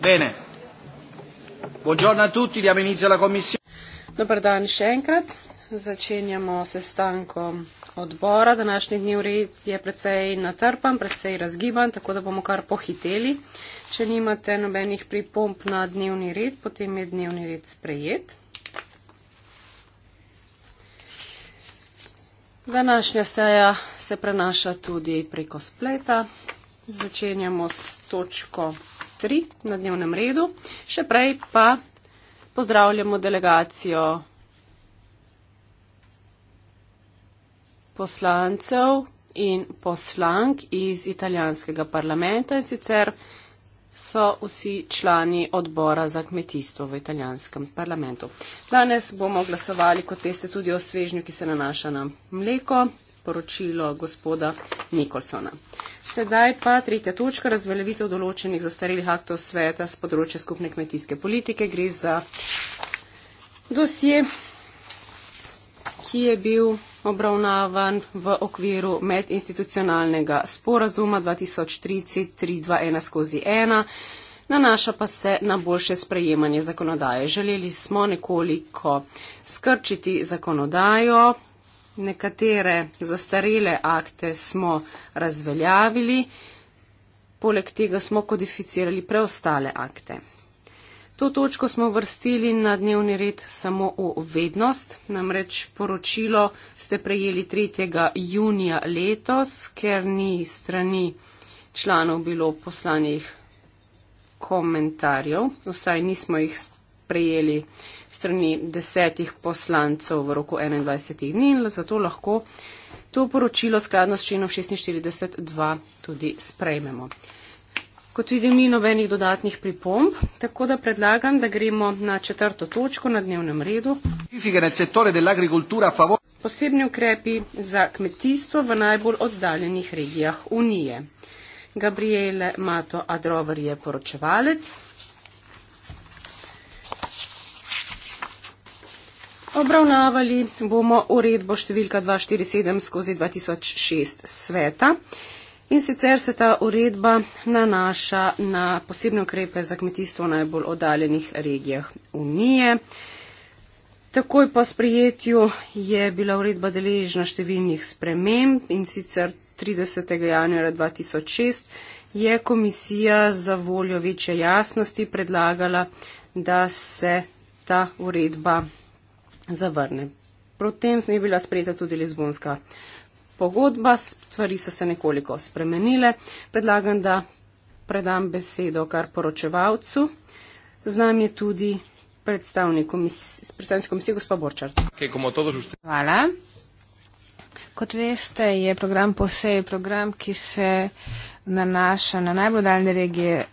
Bene. Buongiorno a tutti, diamo inizio alla commissione. Dobar dan, še enkrat. Začenjamo sestanko odbora. Današnji dnev red je precej natrpan, precej razgiban, tako da bomo kar pohiteli. Če nimate nobenih pripomp na dnevni red, potem je dnevni red sprejet. Današnja seja se prenaša tudi preko spleta. Začenjamo s točko tri na dnevnem redu. Še prej pa pozdravljamo delegacijo poslancev in poslank iz italijanskega parlamenta in sicer so vsi člani odbora za kmetijstvo v italijanskem parlamentu. Danes bomo glasovali, kot veste, tudi o svežnju, ki se nanaša na mleko poročilo gospoda Nikolsona. Sedaj pa tretja točka, razveljavitev določenih zastarelih aktov sveta z področja skupne kmetijske politike. Gre za dosje, ki je bil obravnavan v okviru medinstitucionalnega sporazuma 2030-321 skozi 1. Nanaša pa se na boljše sprejemanje zakonodaje. Želeli smo nekoliko skrčiti zakonodajo, nekatere zastarele akte smo razveljavili, poleg tega smo kodificirali preostale akte. To točko smo vrstili na dnevni red samo v vednost, namreč poročilo ste prejeli 3. junija letos, ker ni strani članov bilo poslanih komentarjev, vsaj nismo jih prejeli uh, strani desetih poslancev v roku 21 dni in zato lahko to poročilo skladno s činom 46.2 tudi sprejmemo. Kot vidim, ni nobenih dodatnih pripomb, tako da predlagam, da gremo na četrto točko na dnevnem redu. Posebni ukrepi za kmetijstvo v najbolj oddaljenih regijah Unije. Gabriele Mato Adrover je poročevalec. Obravnavali bomo uredbo številka 247 skozi 2006 sveta in sicer se ta uredba nanaša na posebne ukrepe za kmetijstvo v najbolj oddaljenih regijah Unije. Takoj po sprejetju je bila uredba deležna številnih sprememb in sicer 30. januarja 2006 je komisija za voljo večje jasnosti predlagala, da se ta uredba zavrne. Potem je bila sprejeta tudi Lizbonska pogodba, stvari so se nekoliko spremenile. Predlagam, da predam besedo kar poročevalcu. Z nami je tudi predstavnik komisije, predstavnik komisije gospa Borčar. Hvala. Kot veste, je program posebej program, ki se nanaša na najbolj daljne regije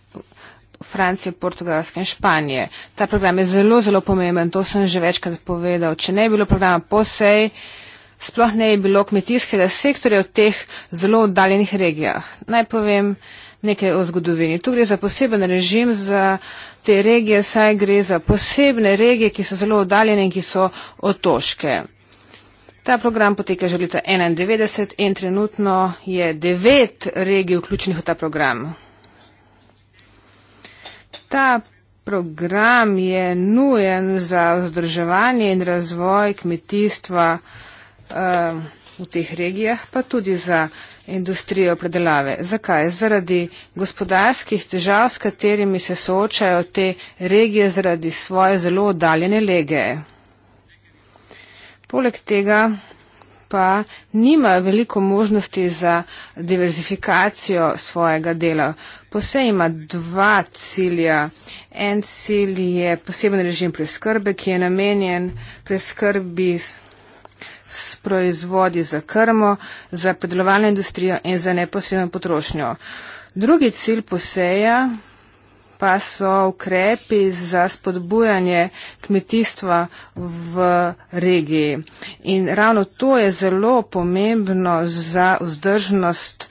Francije, Portugalske in Španije. Ta program je zelo, zelo pomemben, to sem že večkrat povedal. Če ne bi bilo programa posej, sploh ne bi bilo kmetijskega sektorja v teh zelo oddaljenih regijah. Naj povem nekaj o zgodovini. Tu gre za poseben režim za te regije, saj gre za posebne regije, ki so zelo oddaljene in ki so otoške. Ta program poteka že leta 1991 in trenutno je devet regij vključenih v ta program ta program je nujen za vzdrževanje in razvoj kmetijstva eh, v teh regijah, pa tudi za industrijo predelave. Zakaj? Zaradi gospodarskih težav, s katerimi se soočajo te regije zaradi svoje zelo oddaljene lege. Poleg tega pa nima veliko možnosti za diverzifikacijo svojega dela. Posej ima dva cilja. En cilj je poseben režim preskrbe, ki je namenjen preskrbi s proizvodi za krmo, za predelovalno industrijo in za neposredno potrošnjo. Drugi cilj poseja pa so ukrepi za spodbujanje kmetijstva v regiji. In ravno to je zelo pomembno za vzdržnost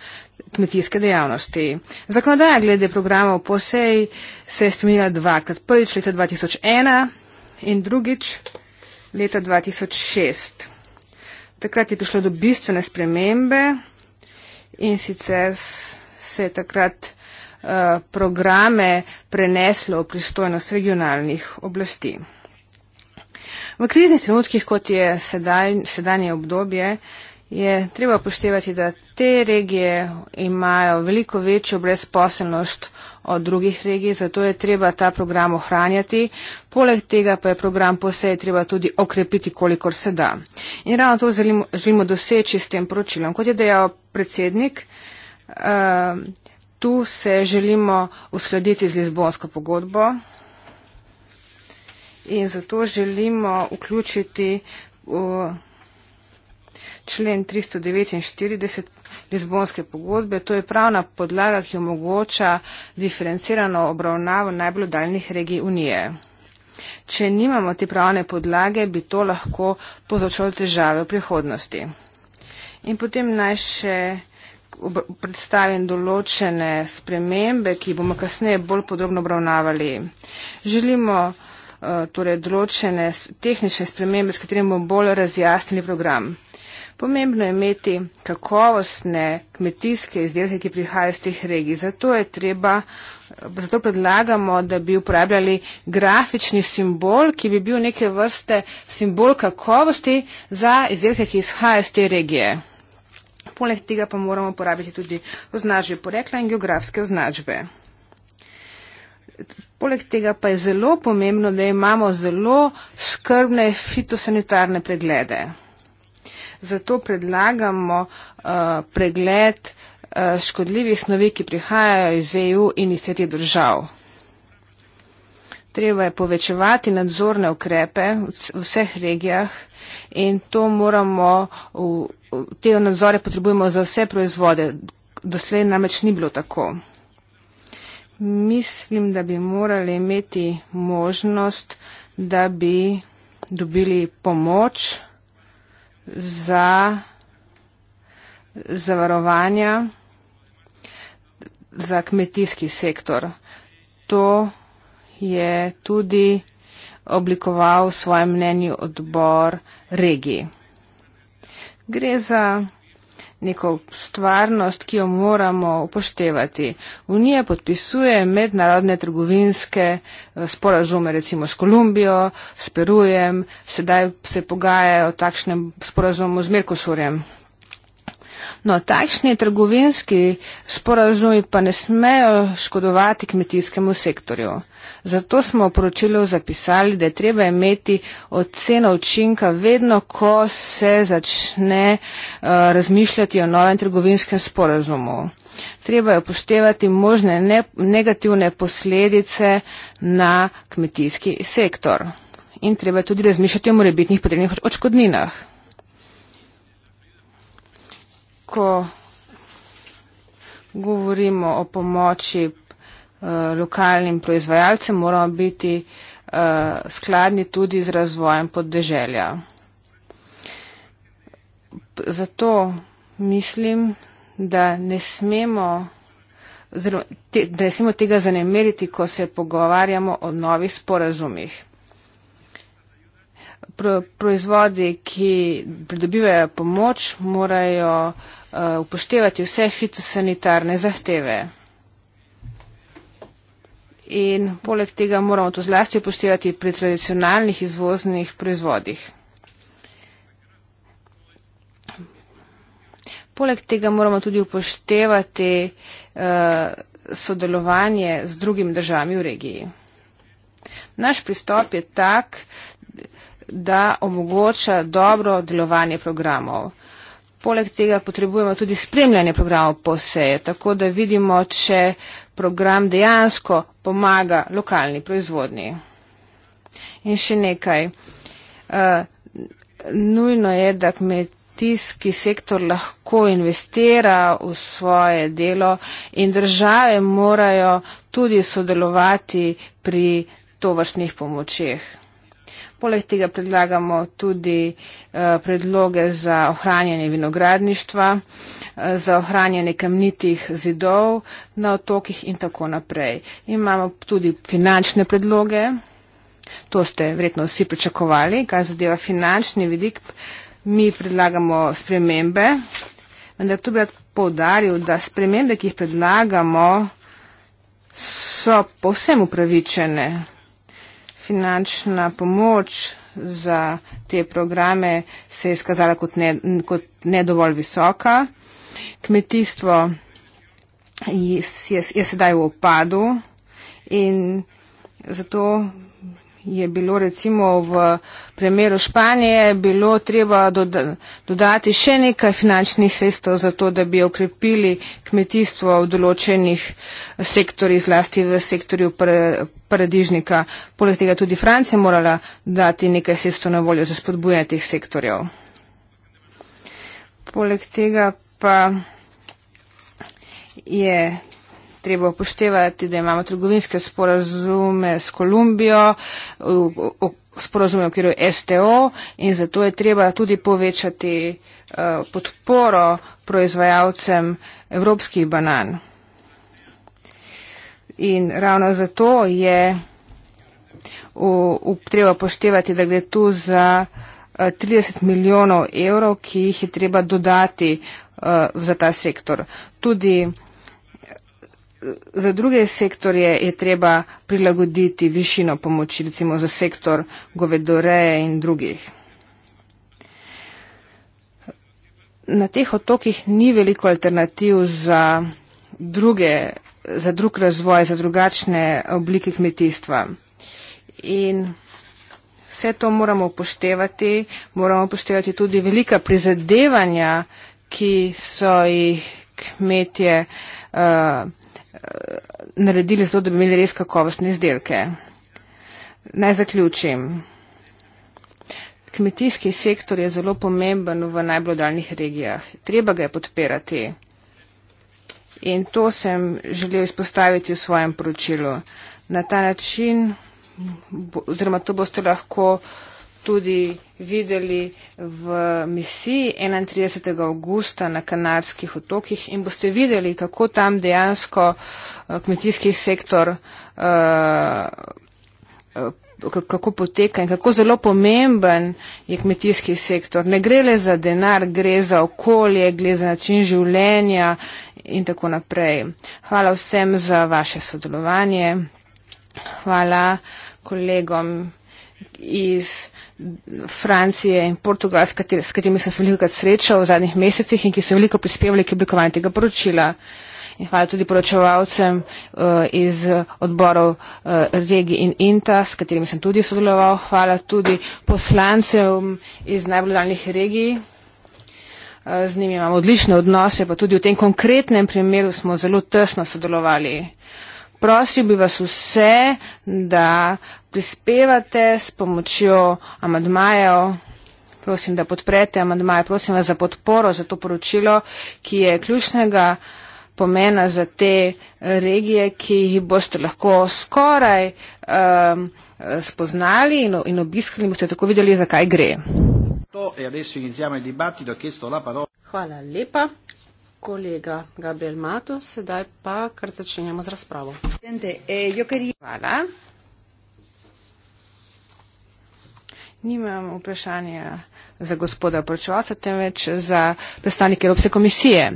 kmetijske dejavnosti. Zakonodaja glede programov posej se je spremenila dvakrat. Prvič leta 2001 in drugič leta 2006. Takrat je prišlo do bistvene spremembe in sicer se je takrat Eh, programe preneslo v pristojnost regionalnih oblasti. V kriznih trenutkih, kot je sedaj, sedanje obdobje, je treba upoštevati, da te regije imajo veliko večjo brezposelnost od drugih regij, zato je treba ta program ohranjati. Poleg tega pa je program posebej treba tudi okrepiti, kolikor se da. In ravno to želimo, želimo doseči s tem poročilom. Kot je dejal predsednik, uh, tu se želimo uskladiti z Lizbonsko pogodbo in zato želimo vključiti uh, člen 349 Lizbonske pogodbe. To je pravna podlaga, ki omogoča diferencirano obravnavo najbolj daljnih regij Unije. Če nimamo te pravne podlage, bi to lahko povzročalo težave v prihodnosti. In potem naj še predstavim določene spremembe, ki bomo kasneje bolj podrobno obravnavali. Želimo eh, torej, določene tehnične spremembe, s katerimi bomo bolj razjasnili program. Pomembno je imeti kakovostne kmetijske izdelke, ki prihajajo iz teh regij. Zato, treba, eh, zato predlagamo, da bi uporabljali grafični simbol, ki bi bil neke vrste simbol kakovosti za izdelke, ki izhajajo iz te regije poleg tega pa moramo uporabiti tudi označbe porekla in geografske označbe. Poleg tega pa je zelo pomembno, da imamo zelo skrbne fitosanitarne preglede. Zato predlagamo uh, pregled uh, škodljivih snovi, ki prihajajo iz EU in iz tretjih držav. Treba je povečevati nadzorne ukrepe v vseh regijah in to moramo te nadzore potrebujemo za vse proizvode. Doslej namreč ni bilo tako. Mislim, da bi morali imeti možnost, da bi dobili pomoč za zavarovanja za kmetijski sektor. To je tudi oblikoval v svojem mnenju odbor regiji gre za neko stvarnost, ki jo moramo upoštevati. Unija podpisuje mednarodne trgovinske eh, sporazume, recimo s Kolumbijo, s Perujem, sedaj se pogajajo o takšnem sporazumu z Merkosurjem. No, takšni trgovinski sporazumi pa ne smejo škodovati kmetijskemu sektorju. Zato smo v poročilu zapisali, da je treba imeti oceno učinka vedno, ko se začne uh, razmišljati o novem trgovinskem sporazumu. Treba je upoštevati možne ne negativne posledice na kmetijski sektor. In treba je tudi razmišljati o morebitnih potrebnih očkodninah. Oč oč oč oč oč oč oč oč oč ko govorimo o pomoči eh, lokalnim proizvajalcem, moramo biti eh, skladni tudi z razvojem podeželja. Zato mislim, da ne smemo oziroma, te, da tega zanemeriti, ko se pogovarjamo o novih sporazumih pro, proizvodi, ki pridobivajo pomoč, morajo uh, upoštevati vse fitosanitarne zahteve. In poleg tega moramo to zlasti upoštevati pri tradicionalnih izvoznih proizvodih. Poleg tega moramo tudi upoštevati uh, sodelovanje z drugim državami v regiji. Naš pristop je tak, da omogoča dobro delovanje programov. Poleg tega potrebujemo tudi spremljanje programov po seje, tako da vidimo, če program dejansko pomaga lokalni proizvodnji. In še nekaj. Uh, nujno je, da kmetijski sektor lahko investira v svoje delo in države morajo tudi sodelovati pri tovrstnih pomočeh. Poleg tega predlagamo tudi eh, predloge za ohranjanje vinogradništva, eh, za ohranjanje kamnitih zidov na otokih in tako naprej. Imamo tudi finančne predloge, to ste verjetno vsi pričakovali, kar zadeva finančni vidik. Mi predlagamo spremembe, vendar tu bi rad povdaril, da spremembe, ki jih predlagamo, so povsem upravičene finančna pomoč za te programe se je skazala kot ne, kot ne dovolj visoka. Kmetijstvo je, je, je sedaj v opadu in zato je bilo recimo v primeru Španije bilo treba doda dodati še nekaj finančnih sredstev za to, da bi okrepili kmetijstvo v določenih sektorjih, zlasti v sektorju paradižnika. Poleg tega tudi Francija morala dati nekaj sredstev na voljo za spodbujanje teh sektorjev. Poleg tega pa je treba upoštevati, da imamo trgovinske sporazume s Kolumbijo, sporazume v okviru STO in zato je treba tudi povečati eh, podporo proizvajalcem evropskih banan. In ravno zato je v, v, treba poštevati, da gre tu za 30 eh, milijonov evrov, ki jih je treba dodati uh, za ta sektor. Tudi za druge sektorje je treba prilagoditi višino pomoči, recimo za sektor govedoreje in drugih. Na teh otokih ni veliko alternativ za, druge, za drug razvoj, za drugačne oblike kmetijstva. In vse to moramo upoštevati, moramo upoštevati tudi velika prizadevanja, ki so jih kmetje uh, naredili zato, da bi imeli res kakovostne izdelke. Naj zaključim. Kmetijski sektor je zelo pomemben v najbolj oddaljnih regijah. Treba ga je podpirati. In to sem želel izpostaviti v svojem poročilu. Na ta način, oziroma to boste lahko tudi videli v misiji 31. augusta na Kanarskih otokih in boste videli, kako tam dejansko eh, kmetijski sektor, eh, eh, kako poteka in kako zelo pomemben je kmetijski sektor. Ne gre le za denar, gre za okolje, gre za način življenja in tako naprej. Hvala vsem za vaše sodelovanje. Hvala kolegom iz Francije in Portugalske, s katerimi sem se velikokrat srečal v zadnjih mesecih in ki so veliko prispevali k oblikovanju tega poročila. In hvala tudi poročevalcem uh, iz odborov uh, eh, Regi in Inta, s katerimi sem tudi sodeloval. Hvala tudi poslancem iz najbolj regij. Uh, z njimi imamo odlične odnose, pa tudi v tem konkretnem primeru smo zelo tesno sodelovali. Prosil bi vas vse, da prispevate s pomočjo amadmajev. Prosim, da podprete amadmaje. Prosim vas za podporo za to poročilo, ki je ključnega pomena za te eh, regije, ki jih boste lahko skoraj um, spoznali in, in obiskali, boste tako videli, zakaj gre. Hvala lepa, kolega Gabriel Mato. Sedaj pa kar začenjamo z razpravo. Eh, Hvala. nimam vprašanja za gospoda Pročovca, temveč za predstavnike Evropske komisije.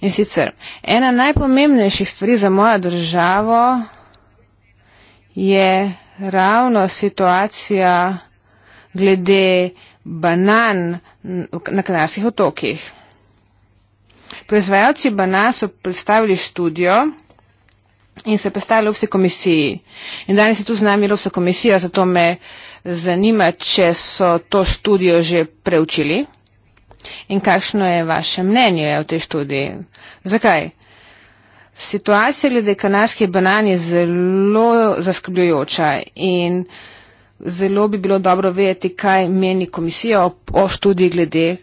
In sicer ena najpomembnejših stvari za mojo državo je ravno situacija glede banan na kanarskih otokih. Proizvajalci banan so predstavili študijo in se predstavili Evropski komisiji. In danes je tu z nami Evropska komisija, zato me. Uh, zanima, če so to študijo že preučili in kakšno je vaše mnenje o tej študiji. Zakaj? Situacija glede kanarskih banan je zelo zaskrbljujoča in zelo bi bilo dobro vedeti, kaj meni komisija o, o študiji glede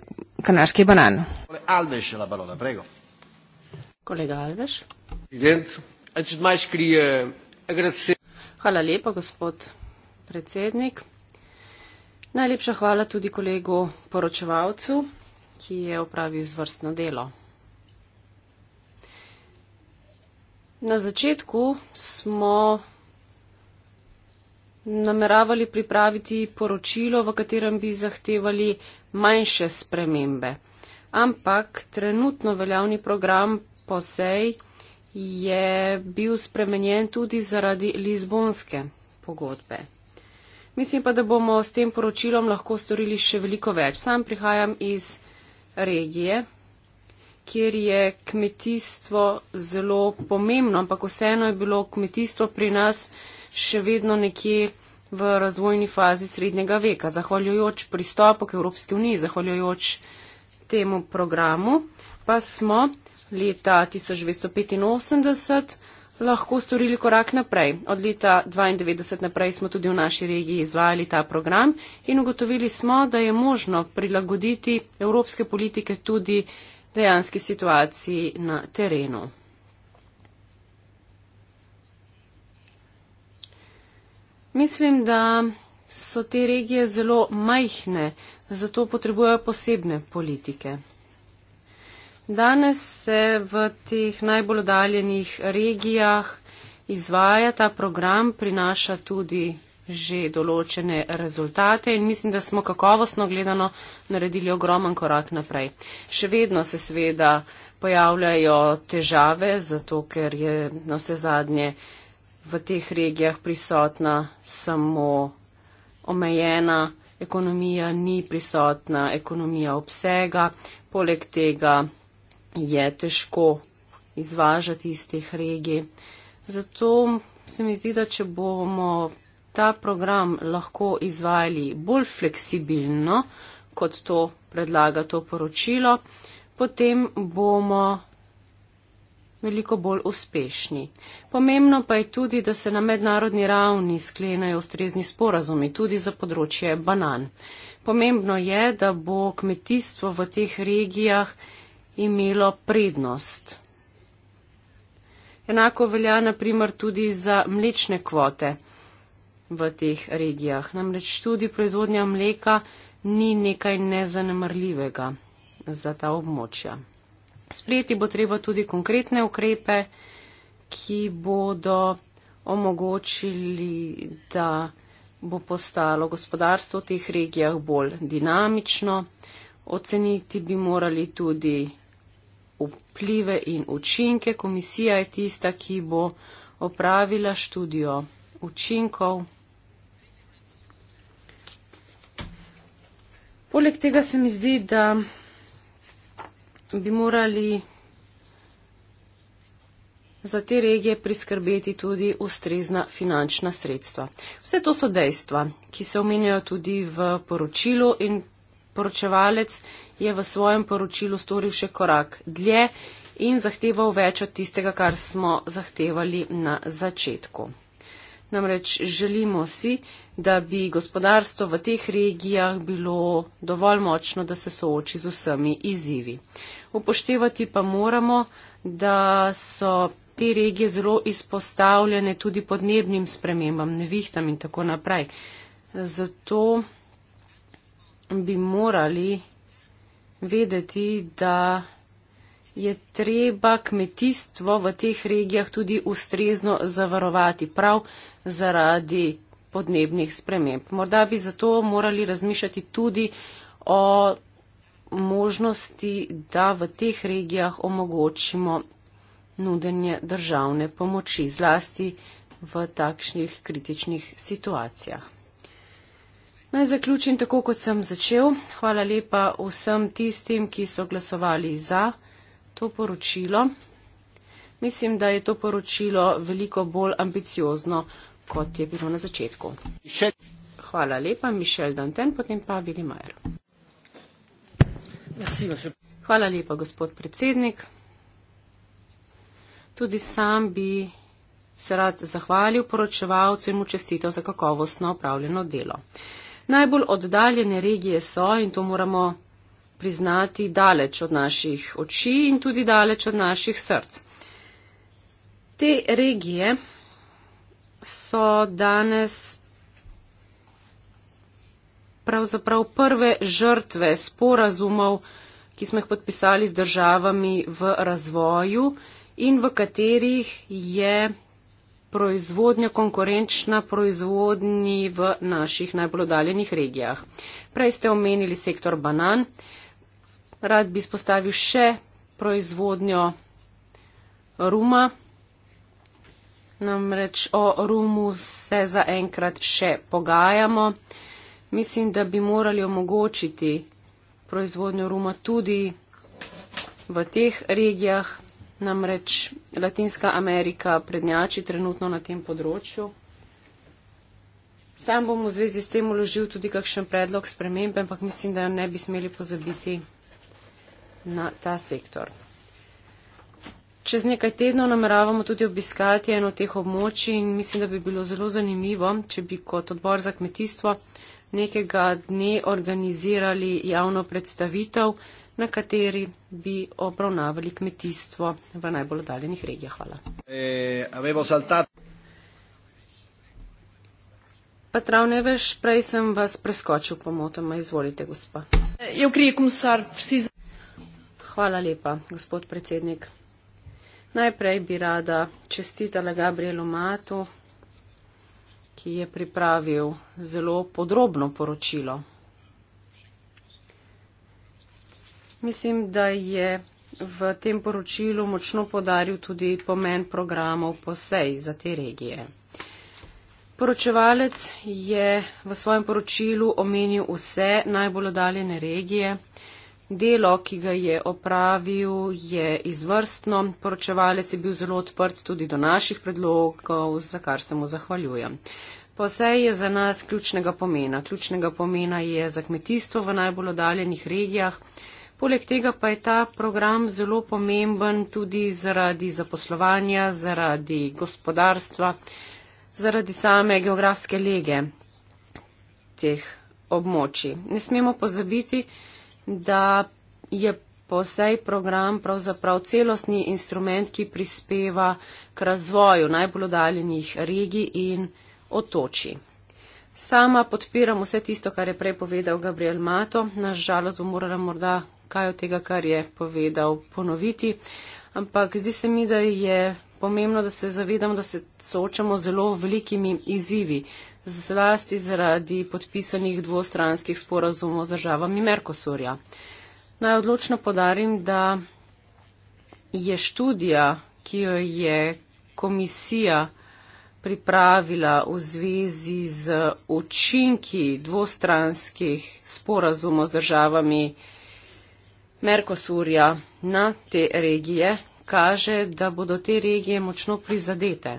kanarskih banan. Alves, la parola, prego. Kolega Alves. Hvala lepa, gospod predsednik. Najlepša hvala tudi kolegu poročevalcu, ki je opravil zvrstno delo. Na začetku smo nameravali pripraviti poročilo, v katerem bi zahtevali manjše spremembe. Ampak trenutno veljavni program posej je bil spremenjen tudi zaradi Lizbonske pogodbe. Mislim pa, da bomo s tem poročilom lahko storili še veliko več. Sam prihajam iz regije, kjer je kmetijstvo zelo pomembno, ampak vseeno je bilo kmetijstvo pri nas še vedno nekje v razvojni fazi srednjega veka, zahvaljujoč pristopu k Evropski uniji, zahvaljujoč temu programu, pa smo leta 1985 lahko storili korak naprej. Od leta 1992 naprej smo tudi v naši regiji izvajali ta program in ugotovili smo, da je možno prilagoditi evropske politike tudi dejanski situaciji na terenu. Mislim, da so te regije zelo majhne, zato potrebujejo posebne politike. Danes se v teh najbolj oddaljenih regijah izvaja ta program, prinaša tudi že določene rezultate in mislim, da smo kakovostno gledano naredili ogromen korak naprej. Še vedno se seveda pojavljajo težave, zato ker je na vse zadnje v teh regijah prisotna samo omejena ekonomija, ni prisotna ekonomija obsega, poleg tega je težko izvažati iz teh regij. Zato se mi zdi, da če bomo ta program lahko izvajali bolj fleksibilno, kot to predlaga to poročilo, potem bomo veliko bolj uspešni. Pomembno pa je tudi, da se na mednarodni ravni sklenajo ustrezni sporazumi, tudi za področje banan. Pomembno je, da bo kmetijstvo v teh regijah imelo prednost. Enako velja naprimer tudi za mlečne kvote v teh regijah. Namreč tudi proizvodnja mleka ni nekaj nezanemrljivega za ta območja. Sprejeti bo treba tudi konkretne ukrepe, ki bodo omogočili, da bo postalo gospodarstvo v teh regijah bolj dinamično. Oceniti bi morali tudi vplive in učinke. Komisija je tista, ki bo opravila študijo učinkov. Poleg tega se mi zdi, da bi morali za te regije priskrbeti tudi ustrezna finančna sredstva. Vse to so dejstva, ki se omenjajo tudi v poročilu in poročevalec je v svojem poročilu storil še korak dlje in zahteval več od tistega, kar smo zahtevali na začetku. Namreč želimo si, da bi gospodarstvo v teh regijah bilo dovolj močno, da se sooči z vsemi izzivi. Upoštevati pa moramo, da so te regije zelo izpostavljene tudi podnebnim spremembam, nevihtam in tako naprej. Zato bi morali vedeti, da je treba kmetijstvo v teh regijah tudi ustrezno zavarovati prav zaradi podnebnih sprememb. Morda bi zato morali razmišljati tudi o možnosti, da v teh regijah omogočimo nudenje državne pomoči, zlasti v takšnih kritičnih situacijah. Naj zaključim tako, kot sem začel. Hvala lepa vsem tistim, ki so glasovali za to poročilo. Mislim, da je to poročilo veliko bolj ambiciozno, kot je bilo na začetku. Hvala lepa, Mišel Danten, potem pa Vili Majer. Hvala lepa, gospod predsednik. Tudi sam bi se rad zahvalil poročevalcu in mu čestitev za kakovostno opravljeno delo najbolj oddaljene regije so in to moramo priznati daleč od naših oči in tudi daleč od naših src. Te regije so danes pravzaprav prve žrtve sporazumov, ki smo jih podpisali z državami v razvoju in v katerih je proizvodnjo konkurenčna proizvodnji v naših najbolj oddaljenih regijah. Prej ste omenili sektor banan, rad bi spostavil še proizvodnjo ruma. Namreč o rumu se zaenkrat še pogajamo. Mislim, da bi morali omogočiti proizvodnjo ruma tudi v teh regijah, namreč Latinska Amerika prednjači trenutno na tem področju. Sam bom v zvezi s tem uložil tudi kakšen predlog spremembe, ampak mislim, da ne bi smeli pozabiti na ta sektor. Čez nekaj tednov nameravamo tudi obiskati eno od teh območij in mislim, da bi bilo zelo zanimivo, če bi kot odbor za kmetijstvo nekega dne organizirali javno predstavitev, na kateri bi obravnavali kmetijstvo v najbolj oddaljenih regijah. Hvala. E, eh, Patrav Neveš, prej sem vas preskočil pomotoma. Izvolite, gospa. Je ukrije komisar, vsi za. Hvala lepa, gospod predsednik. Najprej bi rada čestitala Gabrielu Matu, ki je pripravil zelo podrobno poročilo Mislim, da je v tem poročilu močno podaril tudi pomen programov posej za te regije. Poročevalec je v svojem poročilu omenil vse najbolj odaljene regije. Delo, ki ga je opravil, je izvrstno. Poročevalec je bil zelo odprt tudi do naših predlogov, za kar se mu zahvaljujem. Posej je za nas ključnega pomena. Ključnega pomena je za kmetijstvo v najbolj odaljenih regijah. Poleg tega pa je ta program zelo pomemben tudi zaradi zaposlovanja, zaradi gospodarstva, zaradi same geografske lege teh območij. Ne smemo pozabiti, da je posej program pravzaprav celostni instrument, ki prispeva k razvoju najbolj odaljenih regij in otoči. Sama podpiram vse tisto, kar je prej povedal Gabriel Mato. Nažalost bo morala morda kaj od tega, kar je povedal, ponoviti. Ampak zdi se mi, da je pomembno, da se zavedamo, da se soočamo z zelo velikimi izzivi, zlasti zaradi podpisanih dvostranskih sporazumov z državami Merkosurja. Naj odločno podarim, da je študija, ki jo je komisija pripravila v zvezi z učinki dvostranskih sporazumov z državami Merkosurja, Merkosurja na te regije, kaže, da bodo te regije močno prizadete.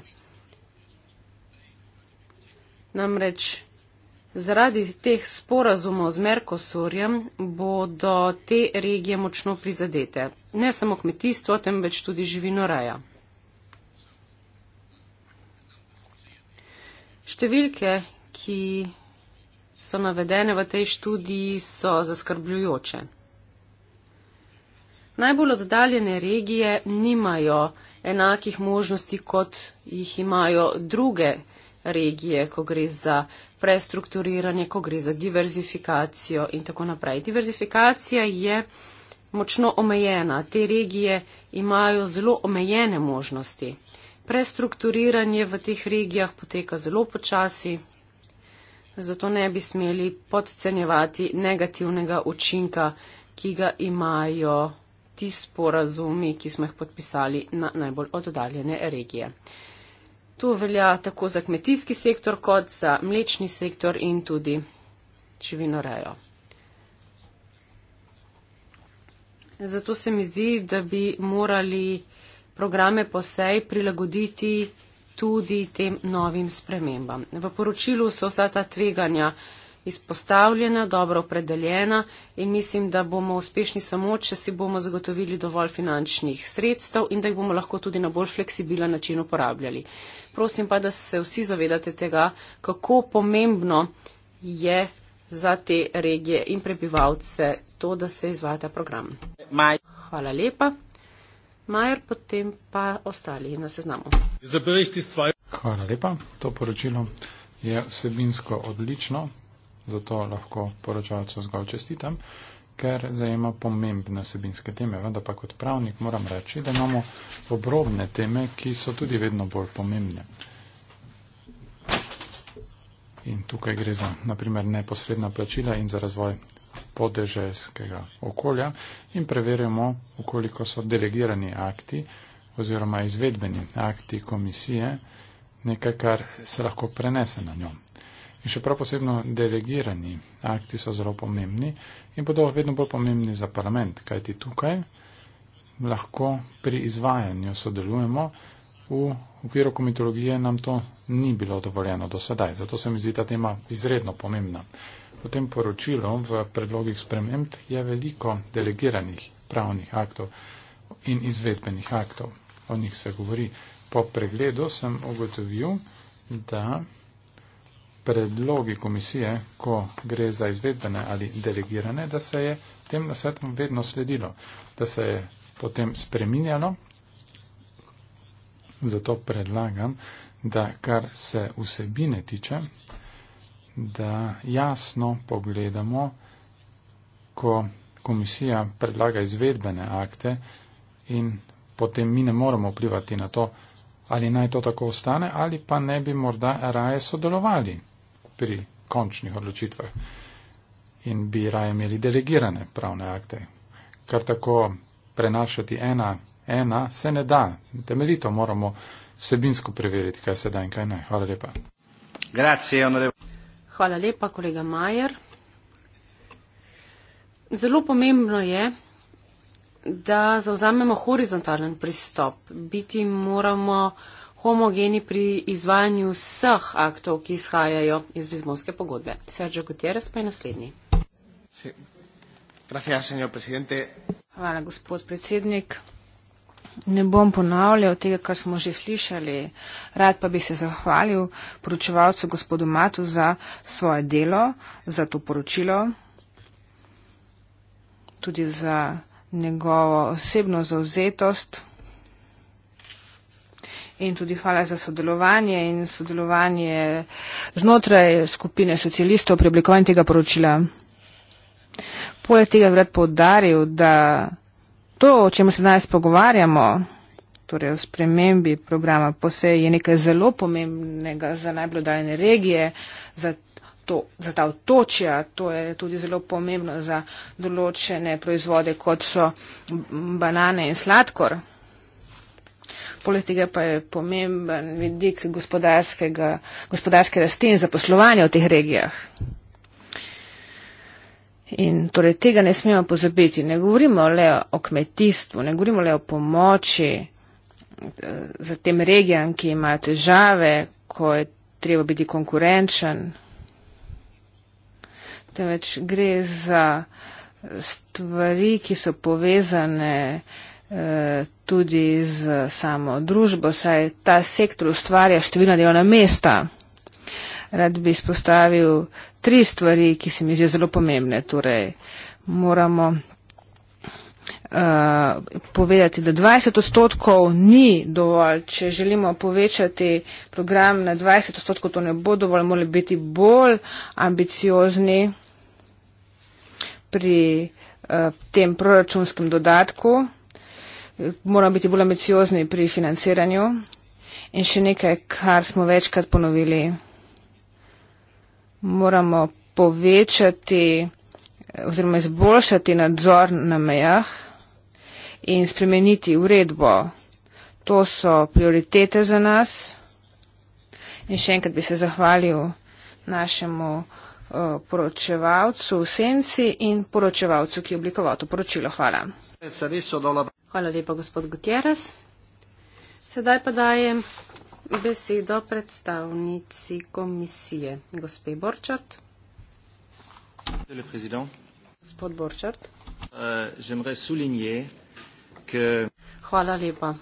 Namreč zaradi teh sporazumov z Merkosurjem bodo te regije močno prizadete. Ne samo kmetijstvo, temveč tudi živinoreja. Številke, ki so navedene v tej študiji, so zaskrbljujoče. Najbolj oddaljene regije nimajo enakih možnosti, kot jih imajo druge regije, ko gre za prestrukturiranje, ko gre za diverzifikacijo in tako naprej. Diverzifikacija je močno omejena. Te regije imajo zelo omejene možnosti. Prestrukturiranje v teh regijah poteka zelo počasi, zato ne bi smeli podcenjevati negativnega učinka, ki ga imajo ti sporazumi, ki smo jih podpisali na najbolj oddaljene regije. To velja tako za kmetijski sektor, kot za mlečni sektor in tudi živinorejo. Zato se mi zdi, da bi morali programe posej prilagoditi tudi tem novim spremembam. V poročilu so vsa ta tveganja uh, izpostavljena, dobro opredeljena in mislim, da bomo uspešni samo, če si bomo zagotovili dovolj finančnih sredstev in da jih bomo lahko tudi na bolj fleksibilen način uporabljali. Prosim pa, da se vsi zavedate tega, kako pomembno je za te regije in prebivalce to, da se izvaja ta program. Maj. Hvala lepa. Majer, potem pa ostali na seznamu. Hvala lepa. To poročilo je sebinsko odlično zato lahko poročalcu zgolj čestitam, ker zajema pomembne sebinske teme. Vendar pa kot pravnik moram reči, da imamo obrobne teme, ki so tudi vedno bolj pomembne. In tukaj gre za naprimer neposredna plačila in za razvoj podeželskega okolja in preverjamo, koliko so delegirani akti oziroma izvedbeni akti komisije nekaj, kar se lahko prenese na njom. In še prav posebno delegirani akti so zelo pomembni in bodo vedno bolj pomembni za parlament, kajti tukaj lahko pri izvajanju sodelujemo, v okviru komitologije nam to ni bilo dovoljeno do sedaj, zato se mi zdi ta tema izredno pomembna. V tem poročilu v predlogih sprememb je veliko delegiranih pravnih aktov in izvedbenih aktov. O njih se govori. Po pregledu sem ugotovil, da predlogi komisije, ko gre za izvedbene ali delegirane, da se je tem nasvetom vedno sledilo, da se je potem spreminjalo. Zato predlagam, da kar se vsebine tiče, da jasno pogledamo, ko komisija predlaga izvedbene akte in potem mi ne moremo vplivati na to, ali naj to tako ostane, ali pa ne bi morda raje sodelovali pri končnih odločitvah in bi raje imeli delegirane pravne akte. Kar tako prenašati ena, ena se ne da. Temeljito moramo vsebinsko preveriti, kaj se da in kaj ne. Hvala lepa. Grazie, Hvala lepa, kolega Majer. Zelo pomembno je, da zauzamemo horizontalen pristop. Biti moramo homogeni pri izvajanju vseh aktov, ki izhajajo iz Lizbonske pogodbe. Sergio Guterres pa je naslednji. Hvala, gospod predsednik. Ne bom ponavljal tega, kar smo že slišali. Rad pa bi se zahvalil poročevalcu gospodu Matu za svoje delo, za to poročilo, tudi za njegovo osebno zauzetost in tudi hvala za sodelovanje in sodelovanje znotraj skupine socialistov pri oblikovanju tega poročila. Poleg tega bi rad povdaril, da to, o čem se danes pogovarjamo, torej o spremembi programa POSE, je nekaj zelo pomembnega za najbolj oddaljene regije, za, to, za ta otočja, to je tudi zelo pomembno za določene proizvode, kot so banane in sladkor poleg tega pa je pomemben vidik gospodarske rasti in zaposlovanja v teh regijah. In torej tega ne smemo pozabiti. Ne govorimo le o kmetijstvu, ne govorimo le o pomoči eh, za tem regijam, ki imajo težave, ko je treba biti konkurenčen. Temveč gre za stvari, ki so povezane. Eh, tudi z samo družbo, saj ta sektor ustvarja številna delovna mesta. Rad bi izpostavil tri stvari, ki se mi zdi zelo pomembne. Torej, moramo uh, povedati, da 20 odstotkov ni dovolj. Če želimo povečati program na 20 odstotkov, to ne bo dovolj. Morali biti bolj ambiciozni pri uh, tem proračunskem dodatku moramo biti bolj ambiciozni pri financiranju. In še nekaj, kar smo večkrat ponovili, moramo povečati oziroma izboljšati nadzor na mejah in spremeniti uredbo. To so prioritete za nas. In še enkrat bi se zahvalil našemu eh, poročevalcu v senci in poročevalcu, ki je oblikoval to poročilo. Hvala. Hvala lepa, gospod Gutierrez. Sedaj pa dajem besedo predstavnici komisije, gospe Borčart. Gospod Borčart. Euh, Hvala lepa.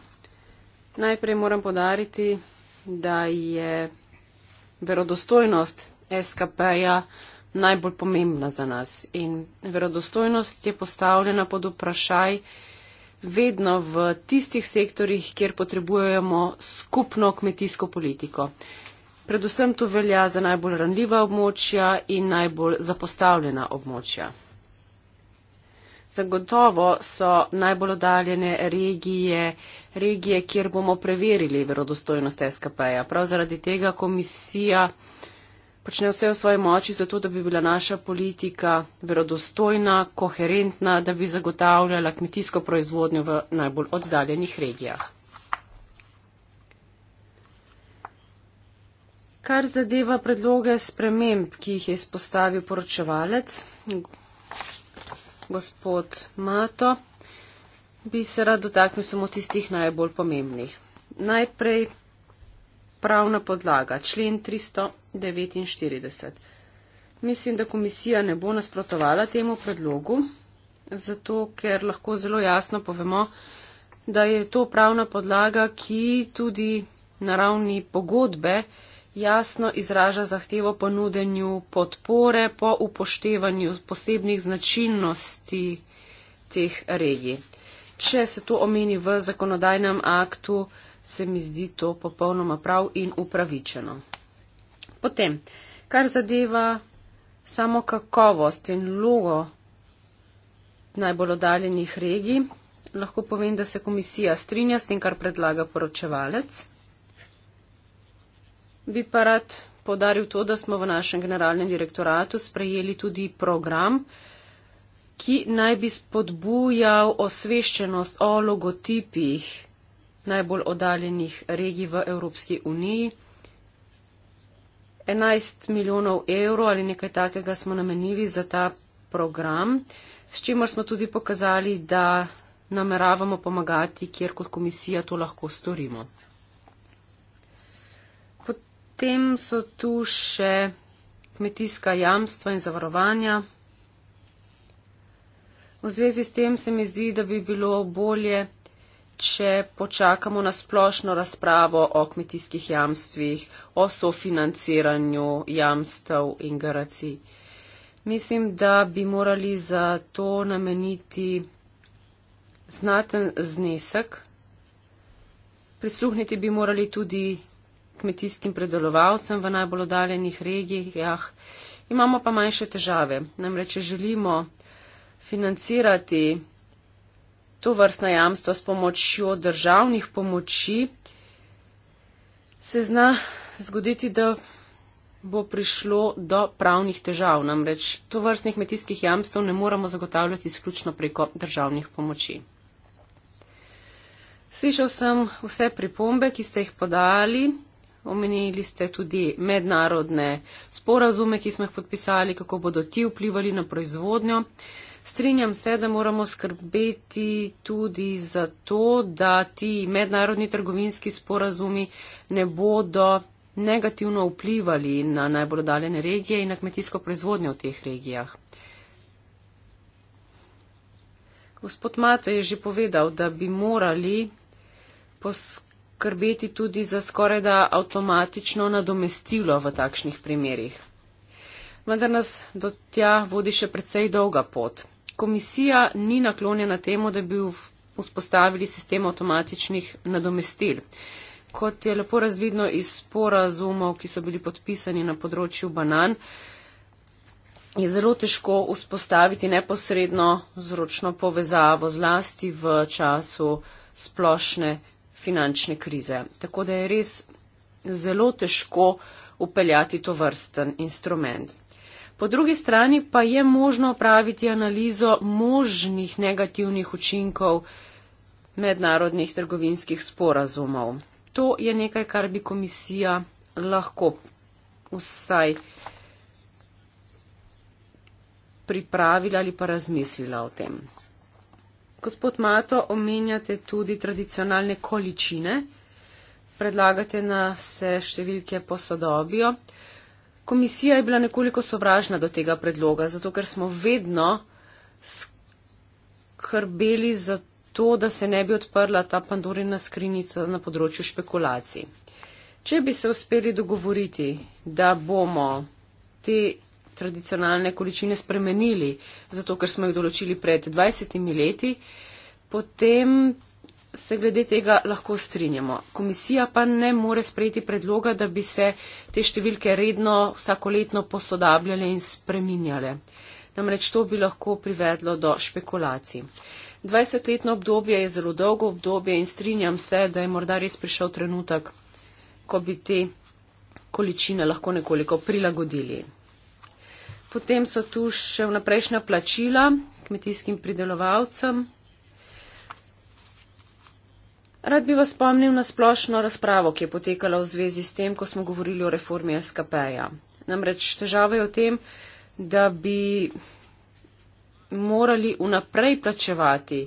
Najprej moram podariti, da je verodostojnost SKP-ja najbolj pomembna za nas. In verodostojnost je postavljena pod vprašaj, vedno v tistih sektorjih, kjer potrebujemo skupno kmetijsko politiko. Predvsem to velja za najbolj ranljiva območja in najbolj zapostavljena območja. Zagotovo so najbolj oddaljene regije, regije, kjer bomo preverili verodostojnost SKP-ja. Prav zaradi tega komisija počne vse v svoji moči, zato da bi bila naša politika verodostojna, koherentna, da bi zagotavljala kmetijsko proizvodnjo v najbolj oddaljenih regijah. Kar zadeva predloge sprememb, ki jih je izpostavil poročevalec, gospod Mato, bi se rad dotaknil samo tistih najbolj pomembnih. Najprej pravna podlaga, člen 300. 49. Mislim, da komisija ne bo nasprotovala temu predlogu, zato ker lahko zelo jasno povemo, da je to pravna podlaga, ki tudi na ravni pogodbe jasno izraža zahtevo po nudenju podpore, po upoštevanju posebnih značilnosti teh regij. Če se to omeni v zakonodajnem aktu, se mi zdi to popolnoma prav in upravičeno. Potem, kar zadeva samo kakovost in logo najbolj oddaljenih regij, lahko povem, da se komisija strinja s tem, kar predlaga poročevalec. Bi pa rad podaril to, da smo v našem generalnem direktoratu sprejeli tudi program, ki naj bi spodbujal osveščenost o logotipih najbolj oddaljenih regij v Evropski uniji. 11 milijonov evrov ali nekaj takega smo namenili za ta program, s čimer smo tudi pokazali, da nameravamo pomagati, kjer kot komisija to lahko storimo. Potem so tu še kmetijska jamstva in zavarovanja. V zvezi s tem se mi zdi, da bi bilo bolje če počakamo na splošno razpravo o kmetijskih jamstvih, o sofinanciranju jamstev in garacij. Mislim, da bi morali za to nameniti znaten znesek, prisluhniti bi morali tudi kmetijskim predelovalcem v najbolj oddaljenih regijah. Imamo pa manjše težave. Namreč, če želimo financirati to vrstna jamstva s pomočjo državnih pomoči, se zna zgoditi, da bo prišlo do pravnih težav. Namreč to vrstnih kmetijskih jamstv ne moremo zagotavljati izključno preko državnih pomoči. Slišal sem vse pripombe, ki ste jih podali. Omenili ste tudi mednarodne sporazume, ki smo jih podpisali, kako bodo ti vplivali na proizvodnjo. Strinjam se, da moramo skrbeti tudi za to, da ti mednarodni trgovinski sporazumi ne bodo negativno vplivali na najbolj oddaljene regije in na kmetijsko proizvodnjo v teh regijah. Gospod Mato je že povedal, da bi morali poskrbeti tudi za skoraj da avtomatično nadomestilo v takšnih primerjih. Vendar nas do tja vodi še precej dolga pot komisija ni naklonjena temu, da bi vzpostavili sistem avtomatičnih nadomestil. Kot je lepo razvidno iz sporazumov, ki so bili podpisani na področju banan, je zelo težko vzpostaviti neposredno zročno povezavo zlasti v času splošne finančne krize. Tako da je res zelo težko upeljati to vrsten instrument. Po drugi strani pa je možno opraviti analizo možnih negativnih učinkov mednarodnih trgovinskih sporazumov. To je nekaj, kar bi komisija lahko vsaj pripravila ali pa razmislila o tem. Gospod Mato, omenjate tudi tradicionalne količine, predlagate na se številke posodobijo. Komisija je bila nekoliko sovražna do tega predloga, zato ker smo vedno skrbeli za to, da se ne bi odprla ta pandorina skrinica na področju špekulacij. Če bi se uspeli dogovoriti, da bomo te tradicionalne količine spremenili, zato ker smo jih določili pred 20 leti, potem se glede tega lahko strinjamo. Komisija pa ne more sprejeti predloga, da bi se te številke redno vsakoletno posodabljale in spreminjale. Namreč to bi lahko privedlo do špekulacij. 20-letno obdobje je zelo dolgo obdobje in strinjam se, da je morda res prišel trenutek, ko bi te količine lahko nekoliko prilagodili. Potem so tu še vnaprejšnja plačila kmetijskim pridelovalcem, Rad bi vas spomnil na splošno razpravo, ki je potekala v zvezi s tem, ko smo govorili o reformi SKP-ja. Namreč težava je v tem, da bi morali vnaprej plačevati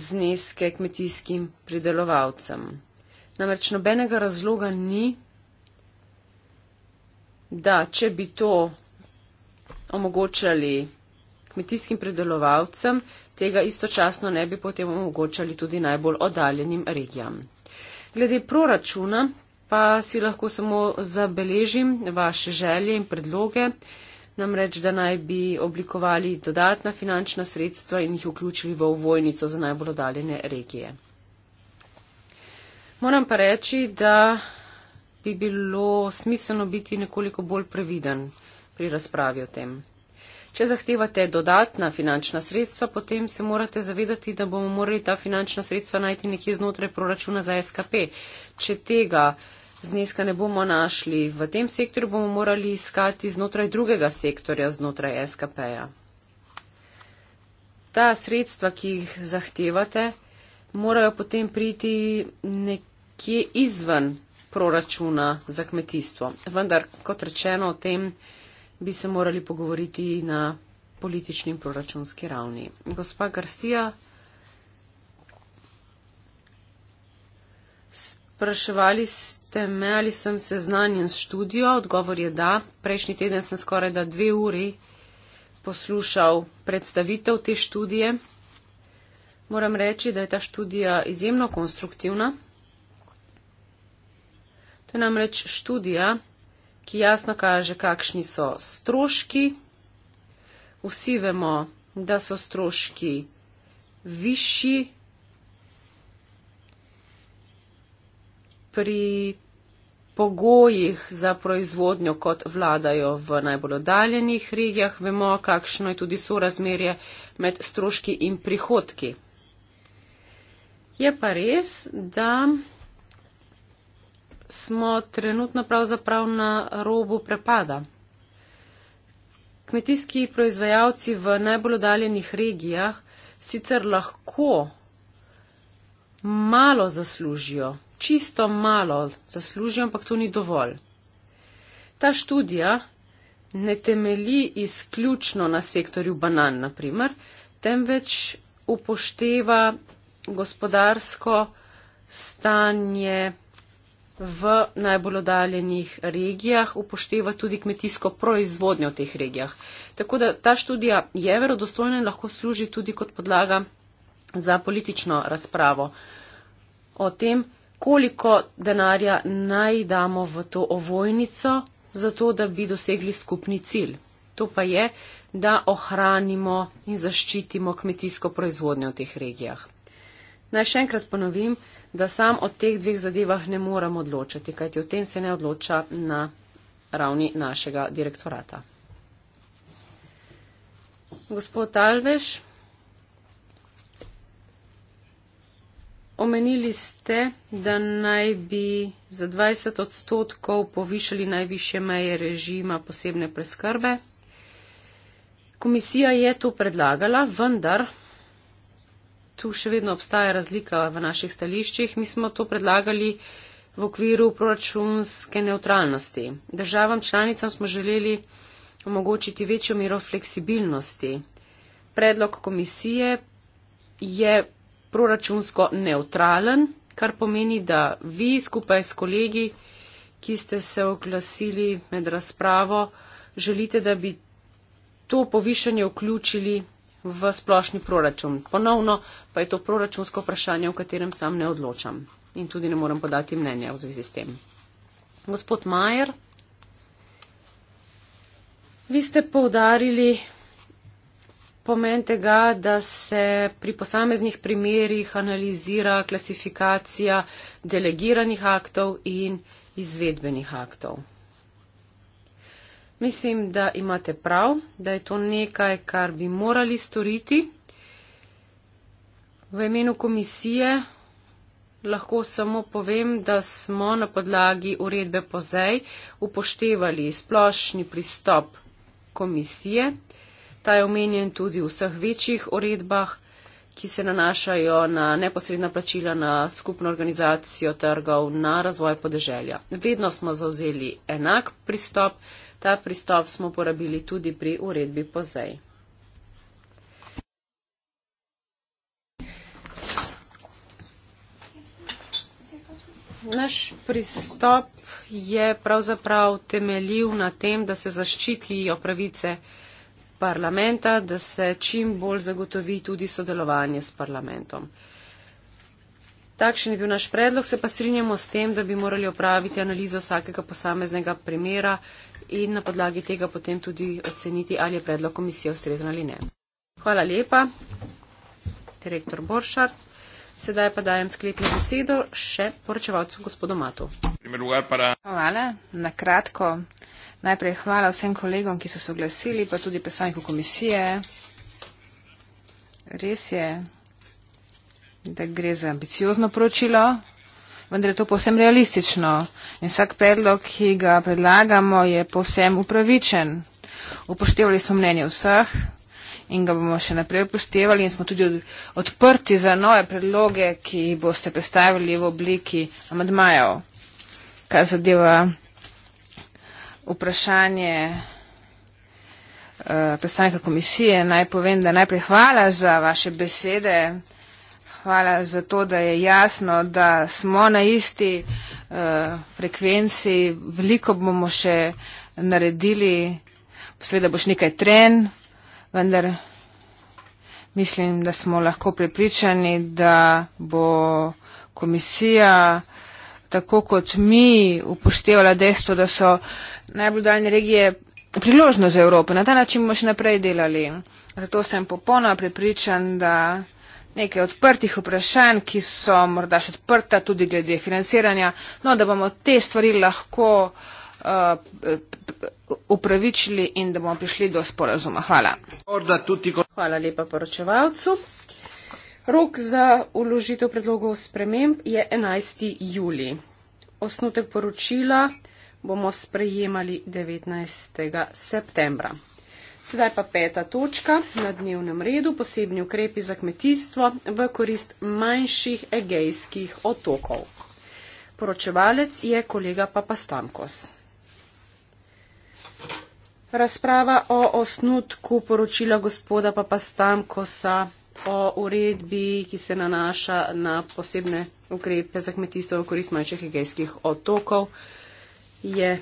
zneske kmetijskim pridelovalcem. Namreč nobenega razloga ni, da če bi to omogočali kmetijskim pridelovalcem, tega istočasno ne bi potem omogočali tudi najbolj oddaljenim regijam. Glede proračuna pa si lahko samo zabeležim vaše želje in predloge, namreč da naj bi oblikovali dodatna finančna sredstva in jih vključili v vojnico za najbolj oddaljene regije. Moram pa reči, da bi bilo smiselno biti nekoliko bolj previden pri razpravi o tem. Če zahtevate dodatna finančna sredstva, potem se morate zavedati, da bomo morali ta finančna sredstva najti nekje znotraj proračuna za SKP. Če tega zneska ne bomo našli v tem sektorju, bomo morali iskati znotraj drugega sektorja, znotraj SKP-ja. Ta sredstva, ki jih zahtevate, morajo potem priti nekje izven proračuna za kmetijstvo. Vendar, kot rečeno, o tem bi se morali pogovoriti na politični in proračunski ravni. Gospa Garcia, spraševali ste me, ali sem seznanjen s študijo. Odgovor je da. Prejšnji teden sem skoraj da dve uri poslušal predstavitev te študije. Moram reči, da je ta študija izjemno konstruktivna. To je namreč študija, ki jasno kaže, kakšni so stroški. Vsi vemo, da so stroški višji pri pogojih za proizvodnjo, kot vladajo v najbolj oddaljenih regijah. Vemo, kakšno je tudi sorazmerje med stroški in prihodki. Je pa res, da smo trenutno pravzaprav na robu prepada. Kmetijski proizvajalci v najbolj oddaljenih regijah sicer lahko malo zaslužijo, čisto malo zaslužijo, ampak to ni dovolj. Ta študija ne temeli izključno na sektorju banan, naprimer, temveč upošteva gospodarsko stanje v najbolj oddaljenih regijah upošteva tudi kmetijsko proizvodnjo v teh regijah. Tako da ta študija je verodostojna in lahko služi tudi kot podlaga za politično razpravo o tem, koliko denarja naj damo v to ovojnico, zato da bi dosegli skupni cilj. To pa je, da ohranimo in zaščitimo kmetijsko proizvodnjo v teh regijah. Naj še enkrat ponovim, da sam o teh dveh zadevah ne moram odločati, kajti o tem se ne odloča na ravni našega direktorata. Gospod Alveš, omenili ste, da naj bi za 20 odstotkov povišali najviše meje režima posebne preskrbe. Komisija je to predlagala, vendar tu še vedno obstaja razlika v naših stališčih. Mi smo to predlagali v okviru proračunske neutralnosti. Državam članicam smo želeli omogočiti večjo mero fleksibilnosti. Predlog komisije je proračunsko neutralen, kar pomeni, da vi skupaj s kolegi, ki ste se oglasili med razpravo, želite, da bi to povišanje vključili v splošni proračun. Ponovno pa je to proračunsko vprašanje, o katerem sam ne odločam in tudi ne morem podati mnenja v zvezi s tem. Gospod Majer, vi ste poudarili pomen tega, da se pri posameznih primerjih analizira klasifikacija delegiranih aktov in izvedbenih aktov. Mislim, da imate prav, da je to nekaj, kar bi morali storiti. V imenu komisije lahko samo povem, da smo na podlagi uredbe pozej upoštevali splošni pristop komisije. Ta je omenjen tudi v vseh večjih uredbah, ki se nanašajo na neposredna plačila na skupno organizacijo trgov na razvoj podeželja. Vedno smo zauzeli enak pristop. Ta pristop smo porabili tudi pri uredbi pozej. Naš pristop je pravzaprav temeljiv na tem, da se zaščitijo pravice parlamenta, da se čim bolj zagotovi tudi sodelovanje s parlamentom. Takšen je bil naš predlog, se pa strinjamo s tem, da bi morali opraviti analizo vsakega posameznega primera, in na podlagi tega potem tudi oceniti, ali je predlog komisije ustrezen ali ne. Hvala lepa, direktor Boršar. Sedaj pa dajem sklepno besedo še poročevalcu gospodu Matu. Hvala, na kratko. Najprej hvala vsem kolegom, ki so se oglasili, pa tudi predstavniku komisije. Res je, da gre za ambiciozno poročilo, vendar je to povsem realistično. In vsak predlog, ki ga predlagamo, je povsem upravičen. Upoštevali smo mnenje vseh in ga bomo še naprej upoštevali in smo tudi odprti za nove predloge, ki boste predstavili v obliki amadmajev, kar zadeva vprašanje eh, predstavnika komisije. Naj povem, da najprej hvala za vaše besede. Hvala za to, da je jasno, da smo na isti uh, frekvenci. Veliko bomo še naredili, posveda boš nekaj tren, vendar mislim, da smo lahko prepričani, da bo komisija tako kot mi upoštevala dejstvo, da so najbolj daljne regije priložno za Evropo. Na ta način bomo še naprej delali. Zato sem popolnoma prepričan, da nekaj odprtih vprašanj, ki so morda še odprta tudi glede financiranja, no da bomo te stvari lahko uh, upravičili in da bomo prišli do sporazuma. Hvala. Hvala lepa poročevalcu. Rok za uložitev predlogov sprememb je 11. juli. Osnutek poročila bomo sprejemali 19. septembra. Sedaj pa peta točka na dnevnem redu, posebni ukrepi za kmetijstvo v korist manjših egejskih otokov. Poročevalec je kolega Papa Stankos. Razprava o osnutku poročila gospoda Papa Stankosa o uredbi, ki se nanaša na posebne ukrepe za kmetijstvo v korist manjših egejskih otokov, je